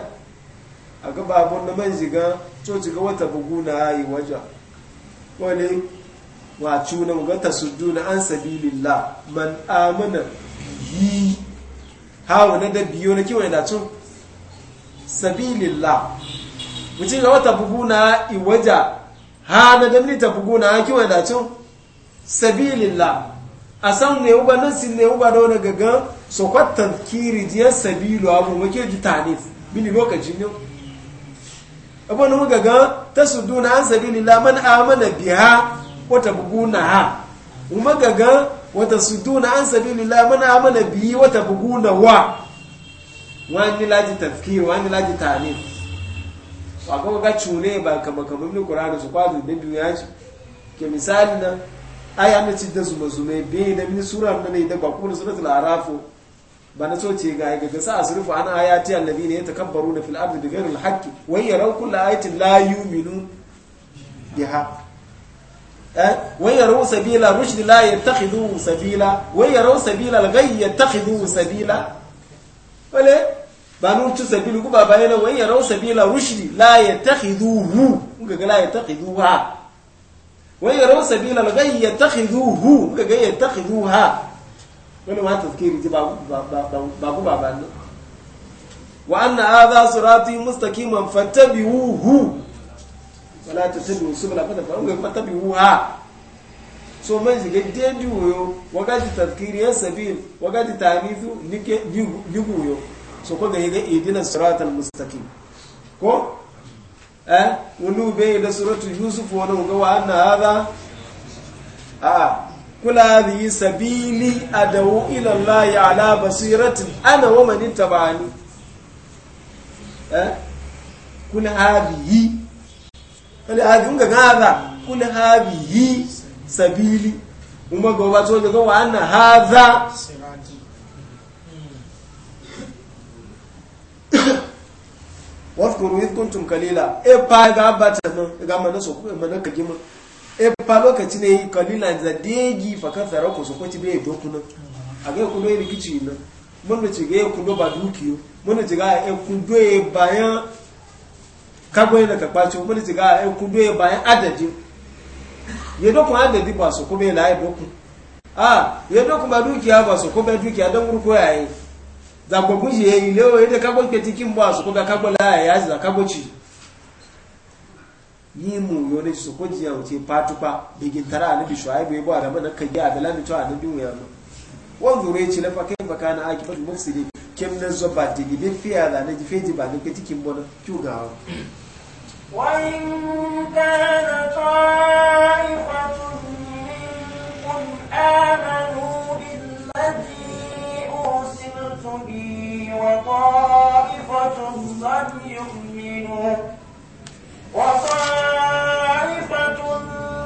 Speaker 1: a ga abun da man ziga to ci ga wata buguna yi waja wani wa cuna mu ga duna an sabilillah man amana yi hawa na da biyo na kiwon da tun sabilillah mutum ga wata buguna iwaja ha na da milita buguna kiwon da tun sabilillah a san ne uba nan sin ne uba da wani gaggan so kwatan kiri jiyar sabilu abu wake ji tanis mini lokaci ne abu na gaga ta su duna an sabilillah man amana biha wata buguna ha umar gaggan wata suduna an sabilillah mana mana biyi wata buguna wa wani laji tafkir wani laji tani kuma ga cune ba kama kama ibn da su kwazo da biyu ya ce. ke misali na aya na ci da zuma zume be da min sura na ne da bakuna suratul araf ba na so ce ga ga sa asrufu ana ayati alladhina yatakabbaruna fil ardi bighayri alhaqqi wa yaraw kull ayatin la yu'minu biha ويروا سبيل الرشد لا يتخذوا سبيلا ويروا سبيل الغي يتخذوا سبيلا ولا بانون تشو سبيل كو بابا يلا ويروا سبيل الرشد لا يتخذوه كغا لا يتخذوها ويروا سبيل الغي يتخذوه كغا يتخذوها ولا ما تذكير دي بابو بابو بابا وان هذا صراطي مستقيما فاتبعوه wala ta tabi wasu mula fata faru ga fata bi wuha so man shiga dedi wuyo wagaji tafkiriyar ta wagaji tamizu liguyo so ko ga yaga idina siratal mustaqim ko eh wani bai da suratu yusuf wani ga wa anna hadha a ah. kula hadhihi sabili adawu ila ya ala basiratin ana wa man ittabani eh kula yi. wani hazi nga gaza kun hazi yi sabili umma ga ba so daga wa anna haza wafkuru yi kuntum kalila e pa ga bata nan ga mana so ku mana ka gima e pa lokaci ne kalila da degi fa ka tsara ku so ko ti be do kuna a ga ku do yi rikici na mun da ci ga ku do ba dukiyo mun da ci ga e ku do e bayan kagwai da ka kwace mun ji ga ai ku bayan adadi Ya do kun adadi ba su ku be lai boku ah ye do kun ba dukiya ba su ku be dukiya dan gurku yayi za ko kun ye ile o ye da kagwai ke tikin ba su ku ga kagwai lai ya za kagwaci yi mu yo ne su ko jiya wuce patupa bigin tara ni bi shuaibu ye ba da mana kan ya da lami to anabi mu ya no wanzuru ya ce lafa kai baka na aki bari mufsidi kim na zoba digi bin fiya da na jifeji ba na kai cikin bonan kyugawa
Speaker 2: وإن كان طائفة منكم آمنوا بالذي به وطائفة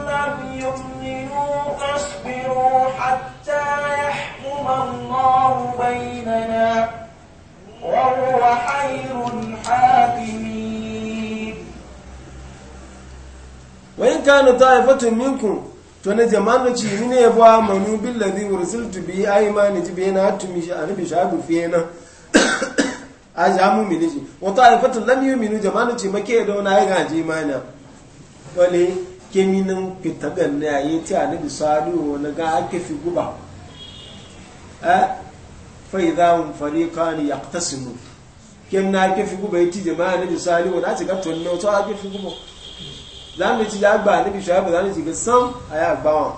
Speaker 2: لم يؤمنوا فاصبروا حتى يحكم الله بيننا وهو
Speaker 1: خير الحاكمين wa in kanu ta'ifatun minkum to na jama'an ci mine yabo amanu billazi ursiltu bi aymani ji bena atumi shi anabi shagu fiyena a jamu mini shi wa ta'ifatun lam yu'minu jama'an ci make da wani ga ji mana wale keminin fitagan ne ayi ti anabi salihu wani ga ake fi guba a fa idza hum fariqan yaqtasimu kem na ake fi guba yi ti jama'a anabi salihu na ci ga tonno to ake fi guba zamu ci ya gba annabi shu'aibu zamu ci ga sam aya gba wa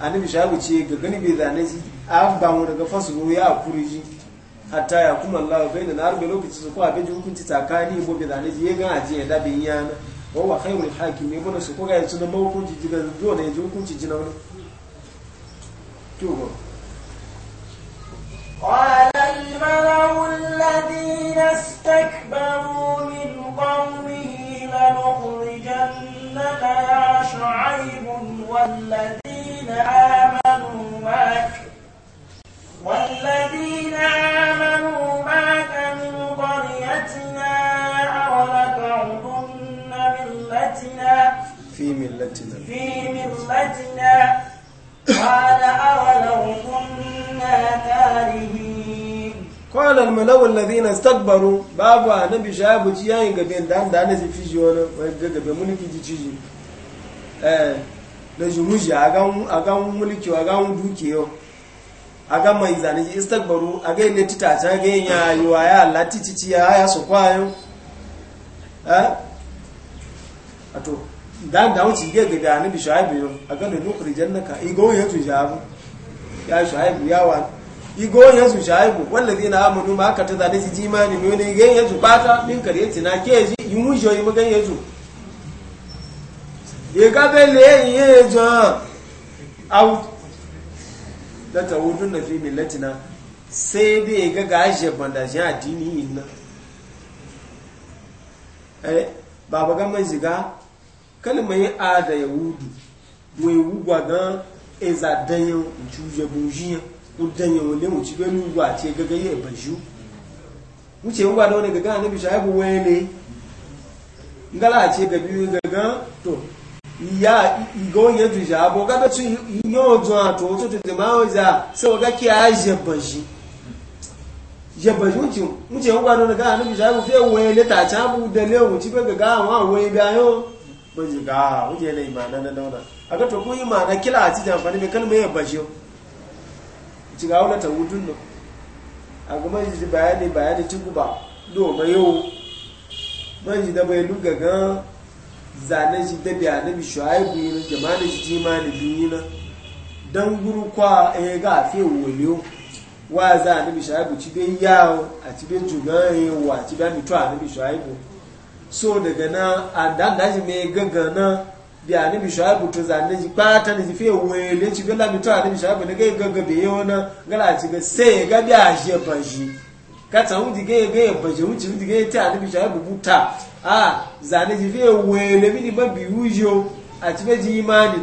Speaker 1: annabi shu'aibu ce ga gani bai zane shi a ba mu daga fasulu ya kuri kuriji hatta ya kuma Allah bai na arbe lokaci su ko abin hukunci tsakani bo bai zane shi ya ga aje ya da bin yana wa wa khairul hakim ne bana su ko ga su na hukunci diga zo ne ji hukunci ji na wani to go
Speaker 2: قال الملأ الذين استكبروا من قومه لنخرجنك يا شعيب والذين آمنوا معك
Speaker 1: والذين آمنوا
Speaker 2: معك من قريتنا ولتعودن ملتنا
Speaker 1: في ملتنا في ملتنا kana al malaw alladhina istakbaru babu annabi shayabu ci yayin gabe dan da ne fi ji wani ga gabe mulki ji ciji eh da jumuji a agan mulki yo a agan mai zane ji a agan ne tita ta ga ya wa ya Allah titi ya ya su kwayo eh ato dan da wuce ga gabe annabi shayabu agan da nukhrijannaka igo ya tujabu ya shayabu ya wa igoyen su shaibu wallazi na amunu ma aka ta zane su jimani ne igoyen yanzu bata min karyeci na ke ji yi mushe yanzu ya gabe le yi yanzu out da ta hudun na fi millatina sai dai ga gashe bandashin addini yin nan eh baba gamman shiga ziga yi a da yahudu mai wugwa gan juje bujiyan udanye wunde mu cibe mi gwa ce gaga ye baju mu ce ngwa da wani gaga annabi shaibu wene ngala ce gabi gaga to ya igo ye du ja bo ga betu yo ato to ma o so ga ki a je baju je baju mu ce mu ce ngwa da wani gaga annabi shaibu fe wele ta can bu de le mu gaga wa we bi ayo ga imana na na na aga to imana kila a ci jamfani be ye baju ci ga wani tawudun nan a ga man ji bayani bayani ci guba do ma yau man ji da bai luga ga zane ji da biya na yi biyu na da ji jima da biyu na dan guru kwa yi eh, ga fi wuliyo wa za na bishuwa bu ci bai yawo a ci bai tugan yi wa ci bai a na bishuwa so daga na a dandaji mai gaggana bi anabi shuaibu to zanne ji pata ne ji fe wele ci bela mi to anabi shuaibu ne ga gaga be yona ngala ci ga se ga bi a je banji ka ta mu dige ga banji mu ci dige ta anabi shuaibu buta a zanne ji fe wele bi ni ba bi ujo a ci be ji imani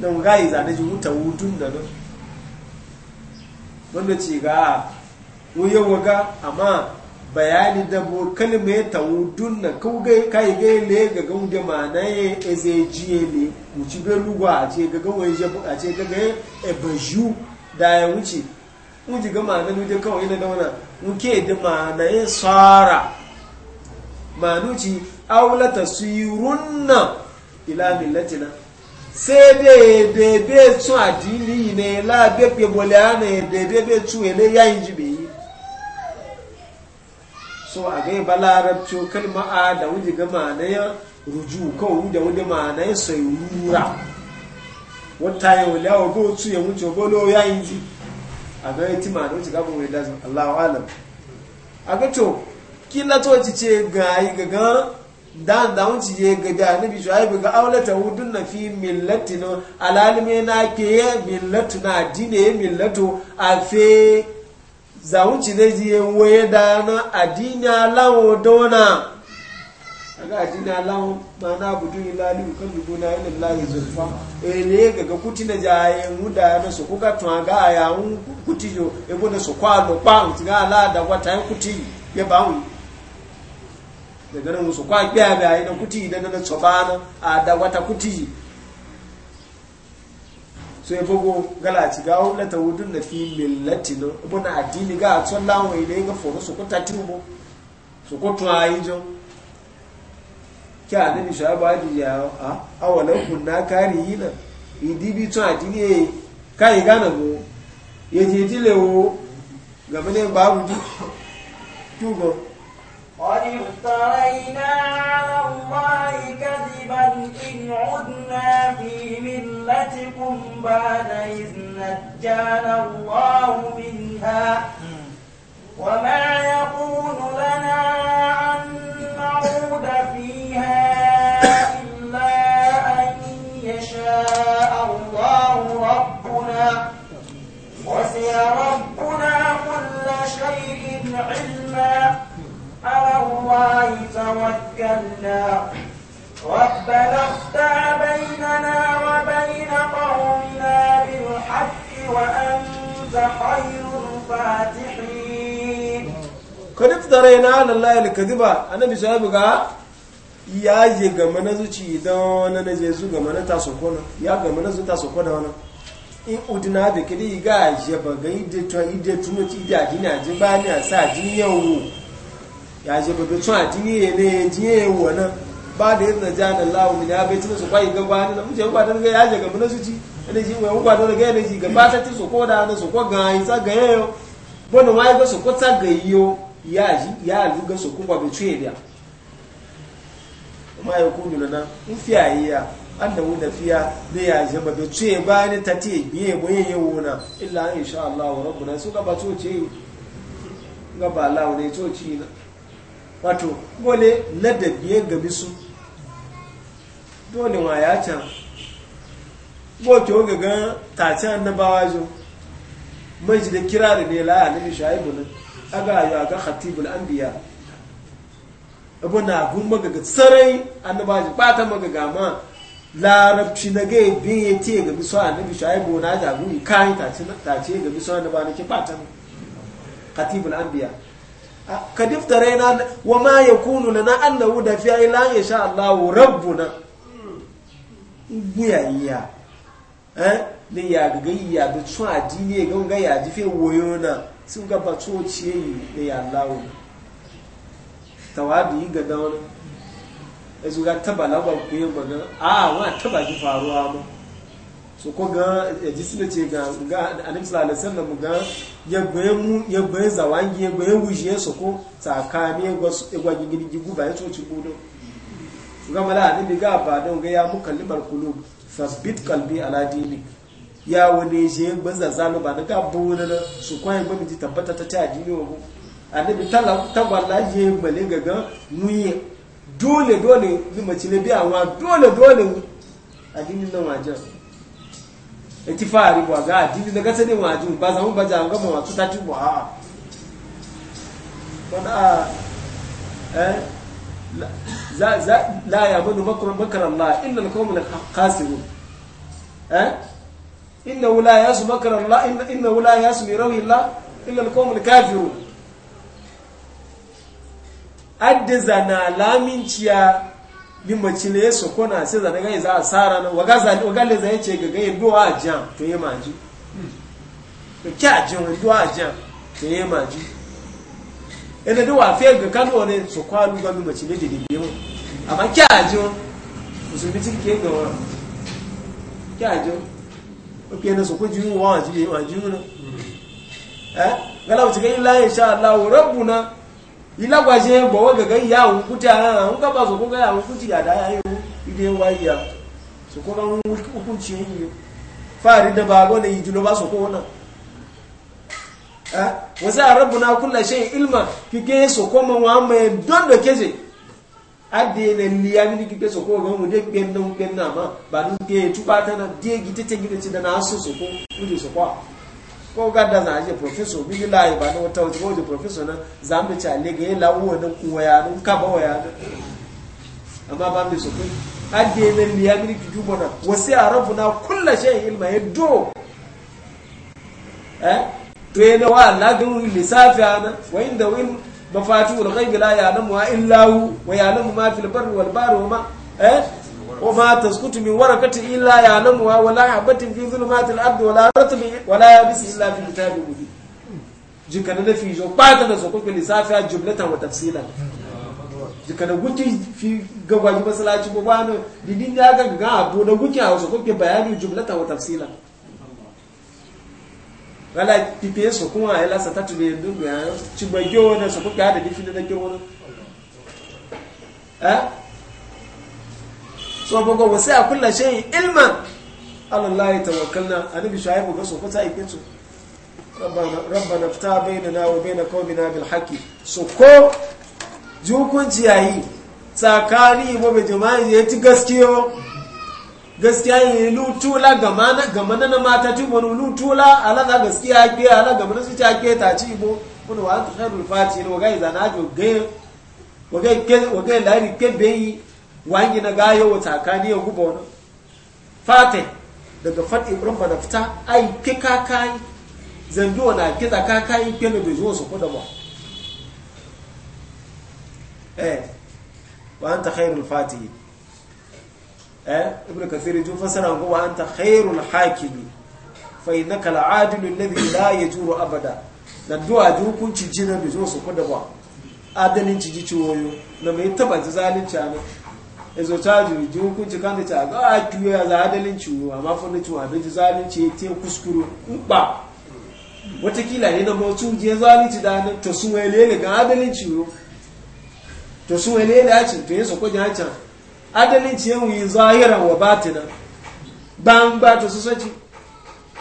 Speaker 1: don ga yi zanne ji buta wutun da don wanda ci ga mu yawa amma bayani da bo kalme ta wudun na kau ga kai ga le ga gan da mana eze ezeji ne mu ci be a ce ga gan wai a ce ga ga e baju da ya wuce mu ji ga mana na da kawai na dauna mu ke da mana ye sara manuci aula tasirunna ila millatina sai dai dai be tsu adini ne la be pe bolana dai dai be tsu ele yayin so a ga ba larabci kalma a da wuji ga ma'anayin ruju kawo da wuji sai rura wata yi wuli awa ko su ya wuce bolo ya yi ji a ga ya tima da wuce gabon wani lazim allahu alam a ga to kila to ci ce ga yi ga ga da da wuce ya ga da nabi shuaibu ga aulata hudun na fi millati alalime na ke millatu na dine millatu a fe ci zai ji waye da na adini alawo dona aga adini alawo ma na abudu ilali kan dubu na yin lalai zurfa ele eh, gaga kuti na jaye muda na so kuka tun ga a yawun kuti yo ebo na so kwa lo pa un tinga ala da wata yin kuti ya ba un daga nan so kwa gbe abi yi na kuti da na so ba na a da wata kuti so ya bugu galaci ga hulata wudun na fi millati no buna addini ga tson lawon ile ga foro su ko tatimu su ko tun ayi jo ki a nabi shaibu adi ya a awalan kunna kari yi idi bi tun addini e kai gana go ye je dile wo gaba ne babu di tugo
Speaker 2: قد افترينا على الله كذبا إن عدنا في بعد إذ نجانا الله منها وما يكون لنا أن نعود فيها إلا أن يشاء الله ربنا وسع ربنا كل شيء علما على الله توكلنا ربنا افتح بيننا وبين قومنا بالحق وأنت خير الفاتحين
Speaker 1: قد افترينا على الله الكذبة أنا بسببك ya je game na zuci wani na je su game na taso kona ya game na zuci taso wani in udina da kiri ga je ba ga ide to ide tuno ide ba ni asa yawo ya je ba be tun ne yawo na ba da yadda ja da lawo min ya bai tuna su kwai ga gwani na muje gwadar ga yaje ga mun suci ene ji mu gwadar ga ene ji ga ba ta ti so ko da na so ko ga yi sa ga yo bono wai ga so ko ta ga yo ya ji ya lu ga so ko ba be tuye dia ma ya ku nuna in fiya yi ya an da wunda fiya ne ya ji ba be tuye ba ne ta ti biye mu yin yawo na illa insha Allah rabbuna su ga ba to ce ga ba lawo ne to ci na wato gole ladabi ya gabi su dole wa ya can goke oge gan tace annabawa jo mai kira da kirari ne la annabi shaibu A aga ayo aga khatibul anbiya abu na gun magaga sarai annabawa ji bata magaga ma larabci na ga bin ya ce ga biso annabi shaibu na ga gun kai tace tace ga biso annabawa ne ke bata khatibul anbiya ka diftare na wa ma yakunu lana an nawuda fi ila insha Allah rabbuna gbúyàyà eh? ne yagaga yaga tun adini ga ga yaji fe woyo na sun ga ba to ciye yi ne ya lawo tawabi ga da wani ezu ga taba labar ku yi magana a wa taba ji faruwa mu so ko ga e ji sile ce ga ga annabi sallallahu alaihi wasallam ga ya gbe mu ya gbe zawangi ya gbe wuji ya soko tsakani ya gwa gidi guba ya to ci budo gama la ni ga ba don ga ya mukallibar qulub fasbit qalbi ala dini ya wani je banza zalo ba na ka buna na su kwai ba mi tabbata ta ta dini wa annabi tala tagwalla je male gaga muye dole dole ni mace ne biya wa dole dole adini nan wajen eti fari bwa ga adini daga ne wajen ba za mu ba ja ga mu ta ci bwa a eh la ya bani makar Allah illa al-qawmul khasirun eh innahu la yasu makar Allah innahu la yasu bi rawi Allah illa al-qawmul kafirun adda zana laminciya limacin ya soko na sai zana gai za a tsara na wagale za ya ce ga gai duwa a jan to yi maji to hmm. kya jan duwa a jan to yi maji ẹni tó wà fẹ́ ẹgbẹ̀ kánú ọ̀rẹ́ sọ̀kọ́ alúgbà mímọ̀ tí méjèèdè gbé wọn àmá kí àjọ mùsùlùmí tí kìí gbọ̀n wọn kí àjọ ó kí ẹni sọ̀kọ́ jùlọ wọn àti ìwọ̀n àjúwò náà ẹ́ gálà òtí kẹ́yìn láyé ṣá aláwọ̀ rẹ́bù náà ìlágbàṣẹ gbọ̀wọ́ gẹ̀gẹ́ ìyá àwọn kúti ara àwọn kábà sọ̀kọ́ gẹ́ àwọn kúti àdá ilé wa ìyá sọ̀kọ́ bá ń Eh? wa a rabu na kula shi ilma kike so koma wa mai don da keje liya mini kike so de na ma ba nu ke tuba ta na de gite te gite da na so so ko so kwa ko ga da za je professor ba no ta ko je professor na zambe cha le ga la wo ku nu ka ba amma ba mi so ko liya mini kike ilma eh to yana wa lagun lissafi ana wa inda win mafatu wal ghaibi la ya illa hu wa ya'lamu ma fil barri wa ma eh wa ma tasqutu min waraqatin illa nan wa la habatin fi dhulumatil ardi wa la ratbin wa la yabis illa fi kitabin mubin jikana na fi jo bata da sokoko lissafi jumlatan wa tafsilan jikana guki fi gagwaji masalaci ba ba ni didin ya ga ga abu da guki a sokoko bayani jumlatan wa tafsilan wala pipe so kuma ya eh, lasa tatu be dundu ya ci ba yo na so kuka da difi da kirwo na eh so bogo wasi a kullu shay ilman Allah ya tawakkalna annabi shuaibu ga so ko ta ikin su rabbana rabbana fta bainana wa baina qawmina bil haqqi so ko jukunci ayi, tsakani mu be jama'i ya ti gaskiyo gaskiya yin lutula gama na mata ci wani lutula ala za gaskiya ake ala gama na su ci ake ta ci bo wani wa ta shaɗu fati ne wagai zana ajo gaye wagai lari kebe yi wangi na gayo wa takani ya guba wani fate daga fati ibrahim ba da fita ai ke kakai zanduwa na ke kakai ke na bai zuwa su kuda ba eh wa ta khairul fatihi eh ibnu kathir ju fasara ko wa anta khairul hakimi fa idhaka al adilu alladhi la yajuru abada da du'a ju hukunci jina bi zo su kuda ba adalin ci ji ciwoyo na mai taba ji zalunci ne ezo ta ju ji hukunci kan da ta ga a kiyo za adalin ciwo amma fa na ciwo da ji zalunci te kuskuru ba watakila ne da mutu je zalunci da to sun wele ga adalin ciwo to sun wele da ci to yin su ko jan adalci yin yi zahiran wa batinan gbangba ta sosaci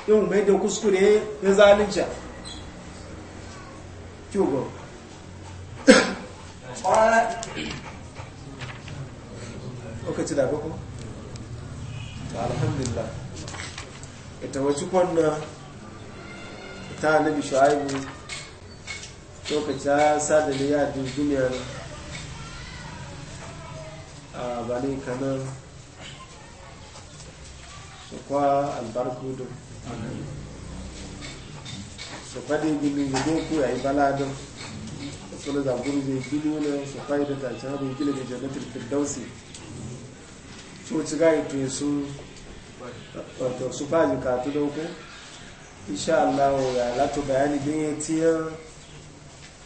Speaker 1: Yau mai da kuskure ya zalunci kyogo lokaci da bako alhamdulillah ita wacce kwanna ta nabi shu'aibu lokaci ya sa da ya duniya a bane kanan su kwa albarkudu su kwaɗe gini goku ya yi baladin suna zagun zai gini ne su da tacen abin gini da jannatin firdausi su ci gari tun su wato su faji da insha Allah ya lato bayani bin ya tiyar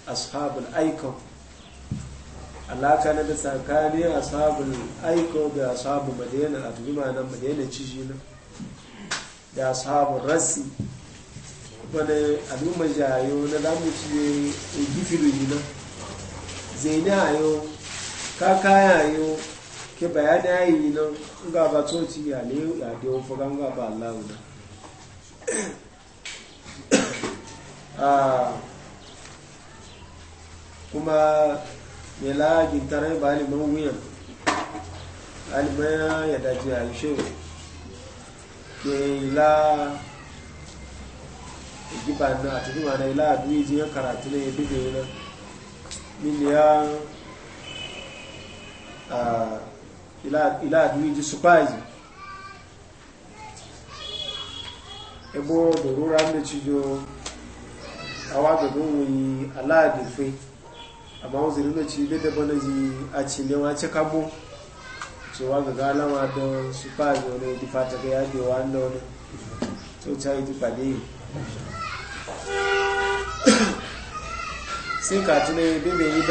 Speaker 1: ashabul aikon alaka na da tsakani sabon aiko da sabon madina a tuma nan madina ciji nan da sabon rasi wani al'umma jayo na zamu ci a gifiru yi nan yi ayo kaka yi ke bayani yi nan ga ba toci ya ne ya de ofu ga ga ba Allah na ah, kuma mai lagin tare ba liman wuyan alibaya ya daji a ishe ke la giba na a cikin wani ila a duk jiyar karatu ne ya bibe na miliyan a ila a duk ji su faji rura da cijo a wadda don wuyi ala amma wanzu rino ci bai da bana ji a cile wa ce kabo cewa ga galama da su fa ga wani di fata ga yadda wa an da wani to ta yi duka da yi sai ka tunai bai bai yi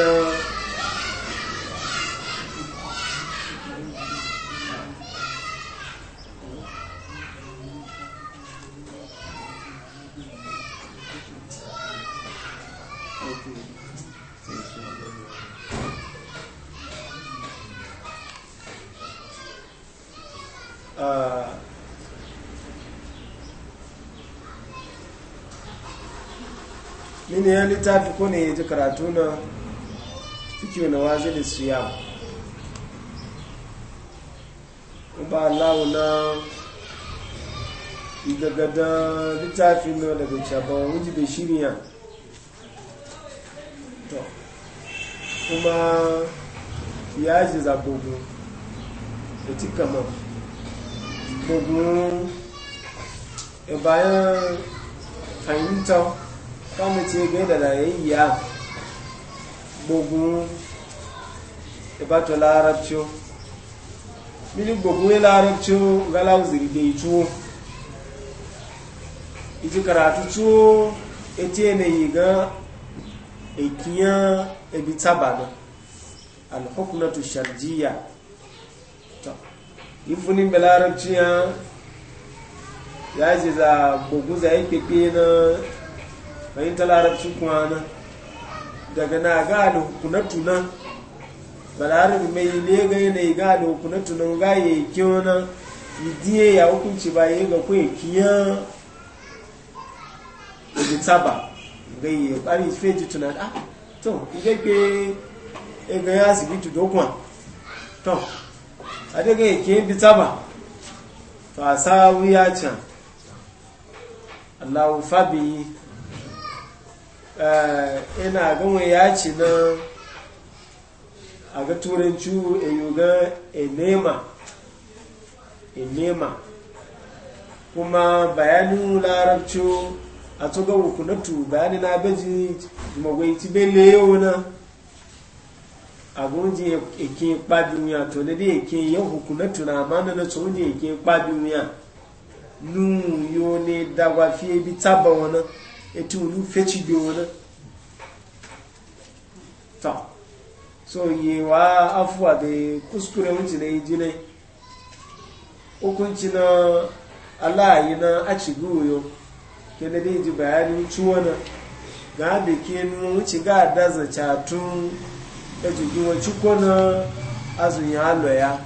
Speaker 1: mini ya littafi ko ne ya ji karatu na fikiyo na wazili su yawo ba allahu na igagada littafi na daga shaba wuji da shirya to kuma ya ji zagogo da cika ma gogon e bayan fahimtar kama ce gai da layayya gbogun ibato larabcio mini gbogun ya larabcio galau zirge tuwo iji karatu tuwo eti yanayi ga ekiya ebi tabana alhukumatu sharjiya ifunin belarabciya ya ji za gbogun za yi pepe na fahimta larabci kwana daga na ga da hukunatuna balarabi mai lega yanayi ga da hukunatunan ga ya yi kyona idiye ya hukunci ba ya yi ga kuwa kiya da taba ga yi ya kwari feji tunan a ah, to ike ke ega ya sigitu dokuwa to a daga ya ke bi taba to a sa wuya can allahu fabi Eh, ina ga ya ci na a ga turanci eyu ga enema enema kuma bayanin larabci a tuga hukunatu bayanin na beji magwaiti bele yau na agunji ekin kpadunya to ne de ekin yau hukunatu na amana na tsohon ekin kpadunya nu yo ne dagwa ebi taba wani eti ulu feci biyu wani ta so yi wa afuwa da kuskure wuce na iji ne hukunci na alayi na acigoyo ke na ji bayanin ciwo na ga beke nu wuce ga daza catun e ejigiwa cikwa na azun ya alo ya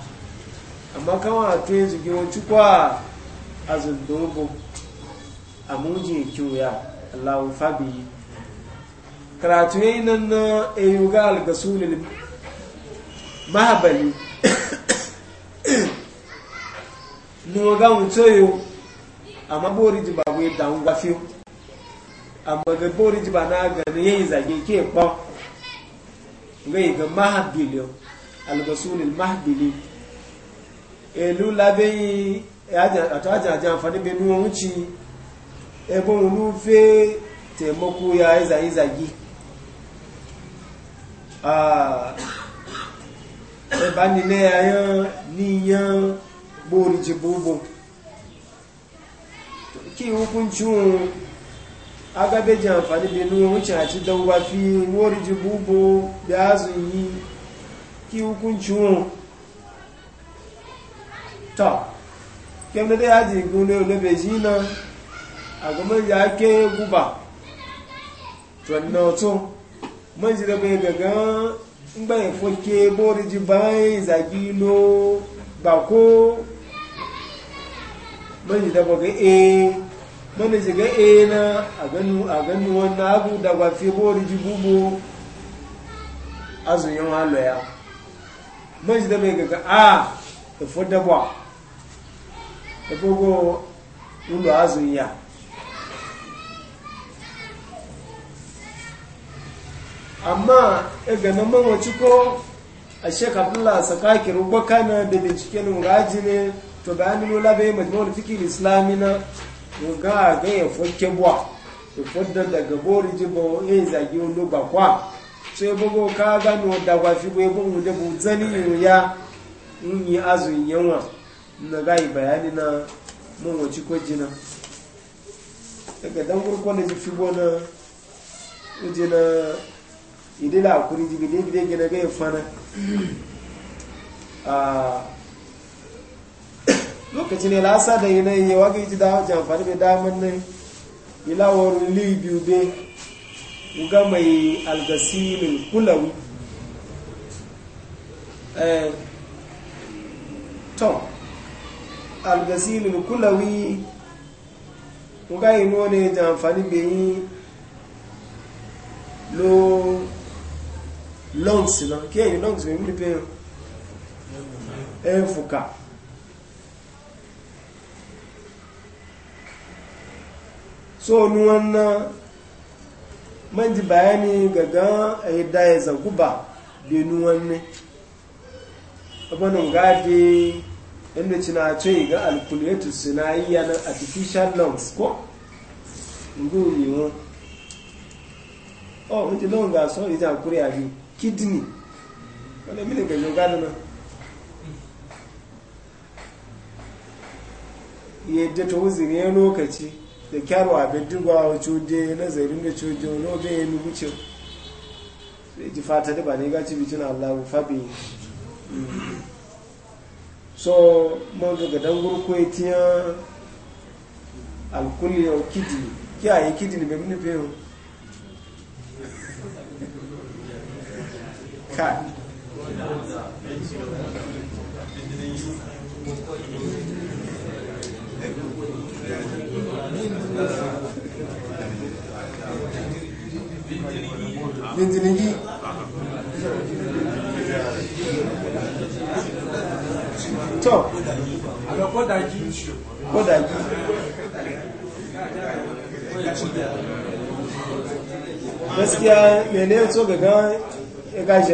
Speaker 1: amma kawai a to ejigiwa cikwa azun dogo a mujin kiwo ya Allahu fabi karatu yayin nan na ayuga al-gasulil mahabali no ga a amma bori ji babu yadda an gafi amma ga bori ji ba na ga ne yayin zage ke ba ngai ga mahabili al-gasulil mahabili elu labe ya ta ta jan fani be nuwa wuci ebe rufe taimako ya gi zagi-zagi a ẹ̀bánilẹ̀ ayán níyàn gbóòrìjì gbogbo kí hukunci wọn agabeji amfani benu wuce àti dangwa fi wóòrìjì gbogbo bí a zù yí kí hukunci wọn tọ́ kí ẹmdẹ́dẹ́ yájì gúnlẹ̀ a ga man ya ke guba tuwanna wato man ji da bai gaga n bai foke bori ji bai zagi lo ba ko man ji da ga e man ji ga e na a ganu a ganu wannan abu da ba fi bori ji bubo azuyin haloya man ji da bai gaga a da fodda ba da fogo ulo azuyin ya amma eh, ganin mawaci ko a shekabdullah sakaki rubaka na da binciken raji ne to bayanin lola bai majmuwar fikir islami na ga ga fokke buwa ya fodda daga bori jiba ya zagi wani ba ya bugo ka gano da wafi bai bugu da zani ya in yi azuyin yawa na gayi bayani na mawaci ko jina daga dan gurkwa na jifi gona ujina idi la kuri ji gide gide gina ga fana a ah. lokacin ya lasa da yi yanayi ya waga iji da jamfani bai damar nan ilawar libiyu bai ga mai algasirin eh. kulawi tom algasirin kulawi ga yi nuna jamfani bai yi lo lungs na kí ẹ̀yìn lungs rẹ̀ wílé pé ẹ̀fùkà so ní wọ́n ná mẹ́jì báyẹ́ ní gàgán ẹ̀yẹ̀dá ẹ̀zà gúbà bí ní wọ́n ní ọgbọ́nà inda cina ce ga alkuletus suna na artificial lungs ko? ngú yìí won? ọ̀ mú don lọ́nà sọ́rọ̀ ìjà kúrẹ́ kidney wanda mini ga yoga da nan yadda ta wuzin ya lokaci da kyarwa abin dirgwa a cude nazarin da cude wani obin ya mi wuce sai ji fata da ba ne gaci bikin allahu fabi so mun daga dangur ko tiyan alkuliyar kidney kiyaye kidney bai mini fiye ka bindiringi so ga ya gashi